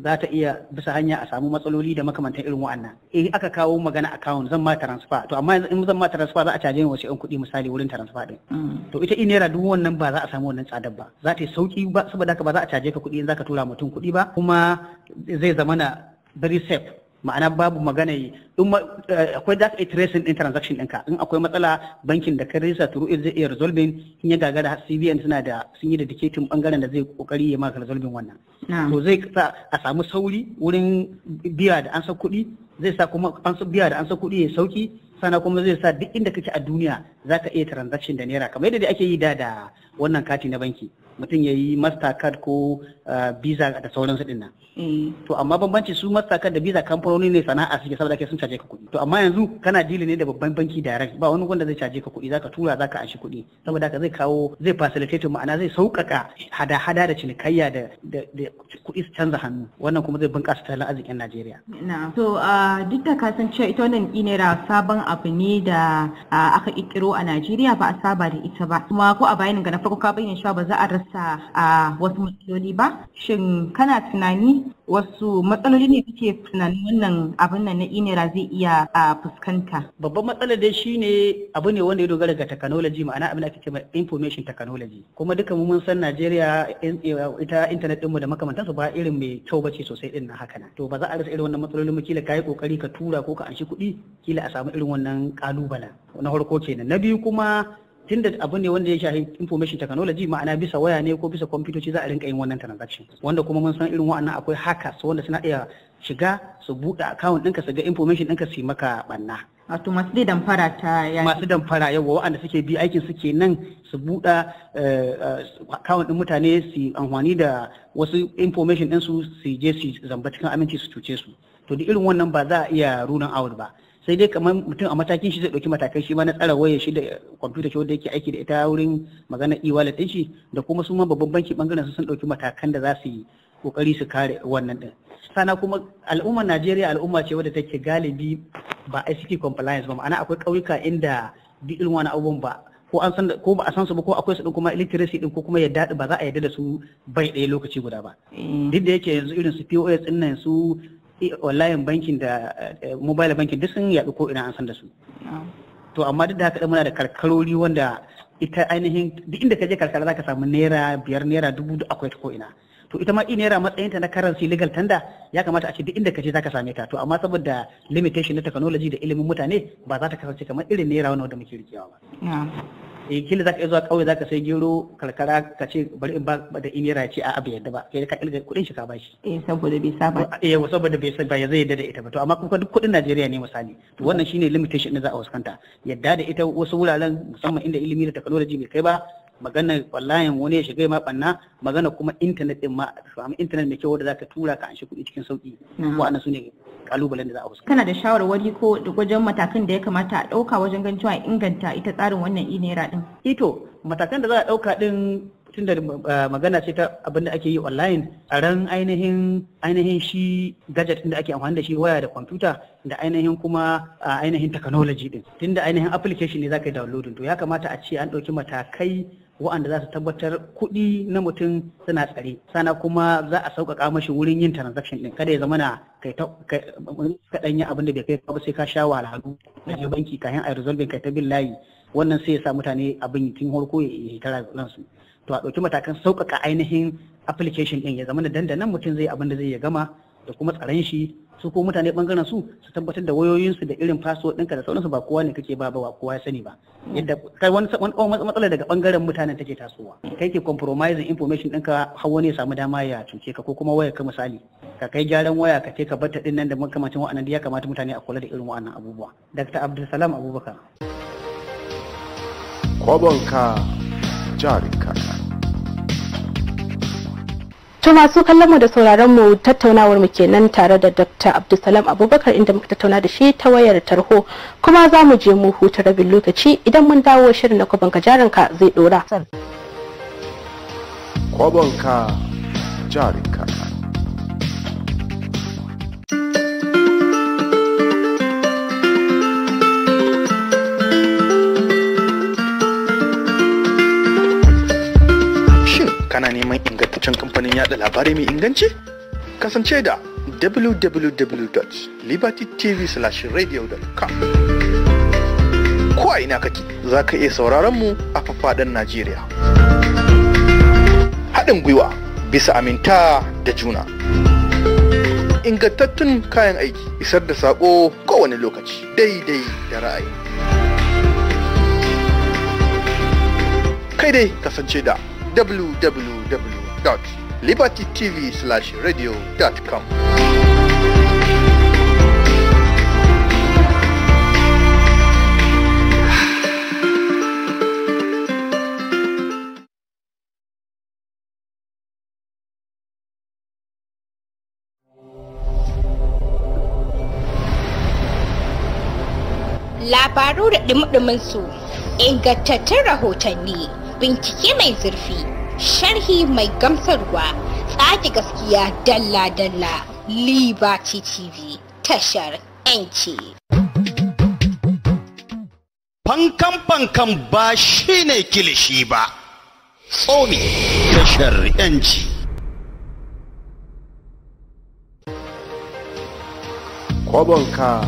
za ta iya bisa hanya a samu matsaloli da makamantan irin wa'annan In aka kawo magana account zan ma transfer to amma in zan ma transfer za a caje ni wasu 'yan kuɗi misali wurin transfer din mm. to ita in naira dubu wannan ba za a samu wannan tsadar ba za ta yi sauƙi ba saboda haka ba za a caje ka kuɗi in za ka tura mutum kuɗi ba kuma zai zamana very safe ma'ana babu magana yi eh, akwai za ka tracing din transaction ɗinka in akwai matsala bankin da ka rasa turu zai iya resolving in ya gagara CBN suna da sun yi da diketin bangaren da zai kokari ya maka resolving wannan to zai sa a samu sauri wurin biya da an sa kuɗi zai sa kuma an biya da an sa kuɗi ya sauki sana kuma zai sa duk inda kake a duniya za ka iya transaction da naira kamar yadda ake yi da da wannan kati na banki mutum ya yi mastercard ko visa da sauran su eh. to amma bambanci su masaka da biza kamfanoni ne sana'a suke saboda ke sun caje ka kuɗi to amma yanzu kana dili ne da babban banki direct ba wani wanda zai caje ka kuɗi zaka tura zaka anshi kuɗi saboda ka zai kawo zai facilitate ma'ana zai sauƙaƙa hada-hada da cinikayya da kuɗi su canza hannu wannan kuma zai bunƙasa tattalin arzikin Najeriya na to duk da cewa ita wannan inera sabon abu ne da aka kirkiro a Najeriya ba a saba da ita ba kuma ko a bayanin ga na farko ka bayyana cewa ba za a rasa wasu matsaloli ba shin kana tunani wasu matsaloli ne kake tunanin wannan abin nan na inera zai iya a fuskanta babban matsala dai shine abu ne wanda ya dogara ga technology ma'ana abin da ake cewa information technology kuma duka mu mun san Najeriya ita internet din mu da makamantan su ba irin mai kyau bace sosai din na haka nan to ba za a rasa irin wannan matsalolin mu kila kai kokari ka tura ko ka anshi kuɗi kila a samu irin wannan kalubalen na farko kenan na biyu kuma tunda abu ne wanda ya shafi information technology ma'ana bisa waya ne ko bisa kwamfutoci za a rinka yin wannan transaction wanda kuma mun san irin wa'annan akwai hackers wanda suna iya shiga su buɗe account ɗinka su ga information ɗinka su yi maka ɓanna. Wato masu dai damfara ta yaƙi. Masu damfara yawa waɗanda suke bi aikin suke nan su buɗe eh, account ɗin mutane su amfani da wasu information ɗinsu su je su zamba cikin aminci su cuce su. To da irin wannan ba za a iya runan out ba. sai dai kamar mutum a matakin shi zai ɗauki matakai shi ma na tsara wayar shi da kwamfuta shi wanda yake aiki da ita wurin magana iwala din shi da kuma su ma babban banki bangaren su sun ɗauki matakan da za su yi kokari su kare wannan din sana kuma al'ummar najeriya al'umma ce wadda take galibi ba ICT compliance ba ma'ana akwai ƙauyuka inda duk irin wani abubuwan ba ko an san ko ba a san su ba ko akwai su din kuma literacy din ko kuma yadda ba za a yadda da su bai ɗaya lokaci guda ba eh. duk da yake yanzu irin su POS din nan su online bankin da mobile bankin duk sun yaɗu ko ina an san da su to amma duk da haka muna da karkarori wanda ita ainihin duk inda ka je karkara za ka samu naira biyar naira dubu duk akwai ta ko ina to ita ma naira matsayin ta na currency legal tanda ya kamata a ce duk inda ka je zaka same ta to amma saboda limitation na technology da ilimin mutane ba za ta kasance kamar irin naira wanda muke rikewa ba eh kila zaka iya zuwa kauye zaka sai gero karkara ka ce bari in ba da imira ce a abu yadda ba kai ka ilga kudin shi ka shi. eh saboda bai saba eh saboda bai saba ya zai yadda da ita ba to amma kuma duk kudin Najeriya ne misali to wannan shine limitation da za a wasanta yadda da ita wasu wuraren musamman inda ilimi da technology bai kai ba magana wallahi wani ya shiga ma banna magana kuma intanet din ma amma intanet mai kyau wanda zaka tura ka an shi kuɗi cikin sauki wa'annan su ne kalubalen da za a kana da shawarwari ko da wajen matakan da ya kamata a dauka wajen ganin cewa inganta ita tsarin wannan e-naira din ito eh matakan da za a ɗauka ɗin tun da ah, magana ce ta abin da ake yi online a ran ainihin ainihin shi gadget da ake amfani da shi waya da kwamfuta da ainihin kuma ah, ainihin technology din tun da ainihin application ne za ka yi downloading to ya kamata a ce an ɗauki matakai wa'anda za su tabbatar kuɗi na mutum suna tsare sana kuma za a sauƙaƙa mashi wurin yin transaction ɗin kada ya zama na kai ta kaɗan yi abin da bai kai ba sai ka sha wahalhalu na je banki kafin a resolving kai ta bin layi wannan sai ya sa mutane abin yi tun harko ya yi tara ransu to a ɗauki matakan sauƙaƙa ainihin application ɗin ya zama da dandanan mutum zai abin da zai ya gama da kuma tsaron shi su ko mutane bangaren su su tabbatar da wayoyinsu da irin password ɗinka da sauransu ba kowa ne kake ba ba kowa ya sani ba yadda kai wani matsala daga bangaren mutanen take tasowa kai ke compromising information ɗinka har wani ya samu dama ya cuce ka ko kuma waya ka misali ka kai gyaran waya ka ce ka batta ta ɗin nan da makamacin wa'annan da ya kamata mutane a kula da irin wa'annan abubuwa dr abdulsalam abubakar kwabonka jarinka To masu kallon mu da sauraron mu tattaunawar mu kenan tare da Dr. Abdulsalam Abubakar inda muka tattauna da shi ta wayar tarho kuma za mu je mu huta rabin lokaci idan mun dawo shirin na kwabon ka jarin ka zai dora. jarin ka. kana neman ingantaccen kamfanin yada labarai mai inganci? Kasance da www.libertytv/radio.com Ko a ina kake za ka iya sauraron mu a fafaɗan Najeriya. Haɗin gwiwa bisa aminta da juna. Ingantattun kayan aiki isar da saƙo kowane lokaci daidai da ra'ayi. Kai dai kasance da www www.libertytv/radio.com Labaru da ɗumi su ingantattun rahotanni bincike mai zurfi sharhi mai gamsarwa tsaki gaskiya dalla-dalla liberty tv tashar 'yanci. fankan-fankan ba shi ne kilishi ba tsomi tashar 'yanci. kwabonka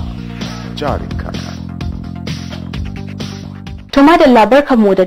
jarinka tuma da labar kamo da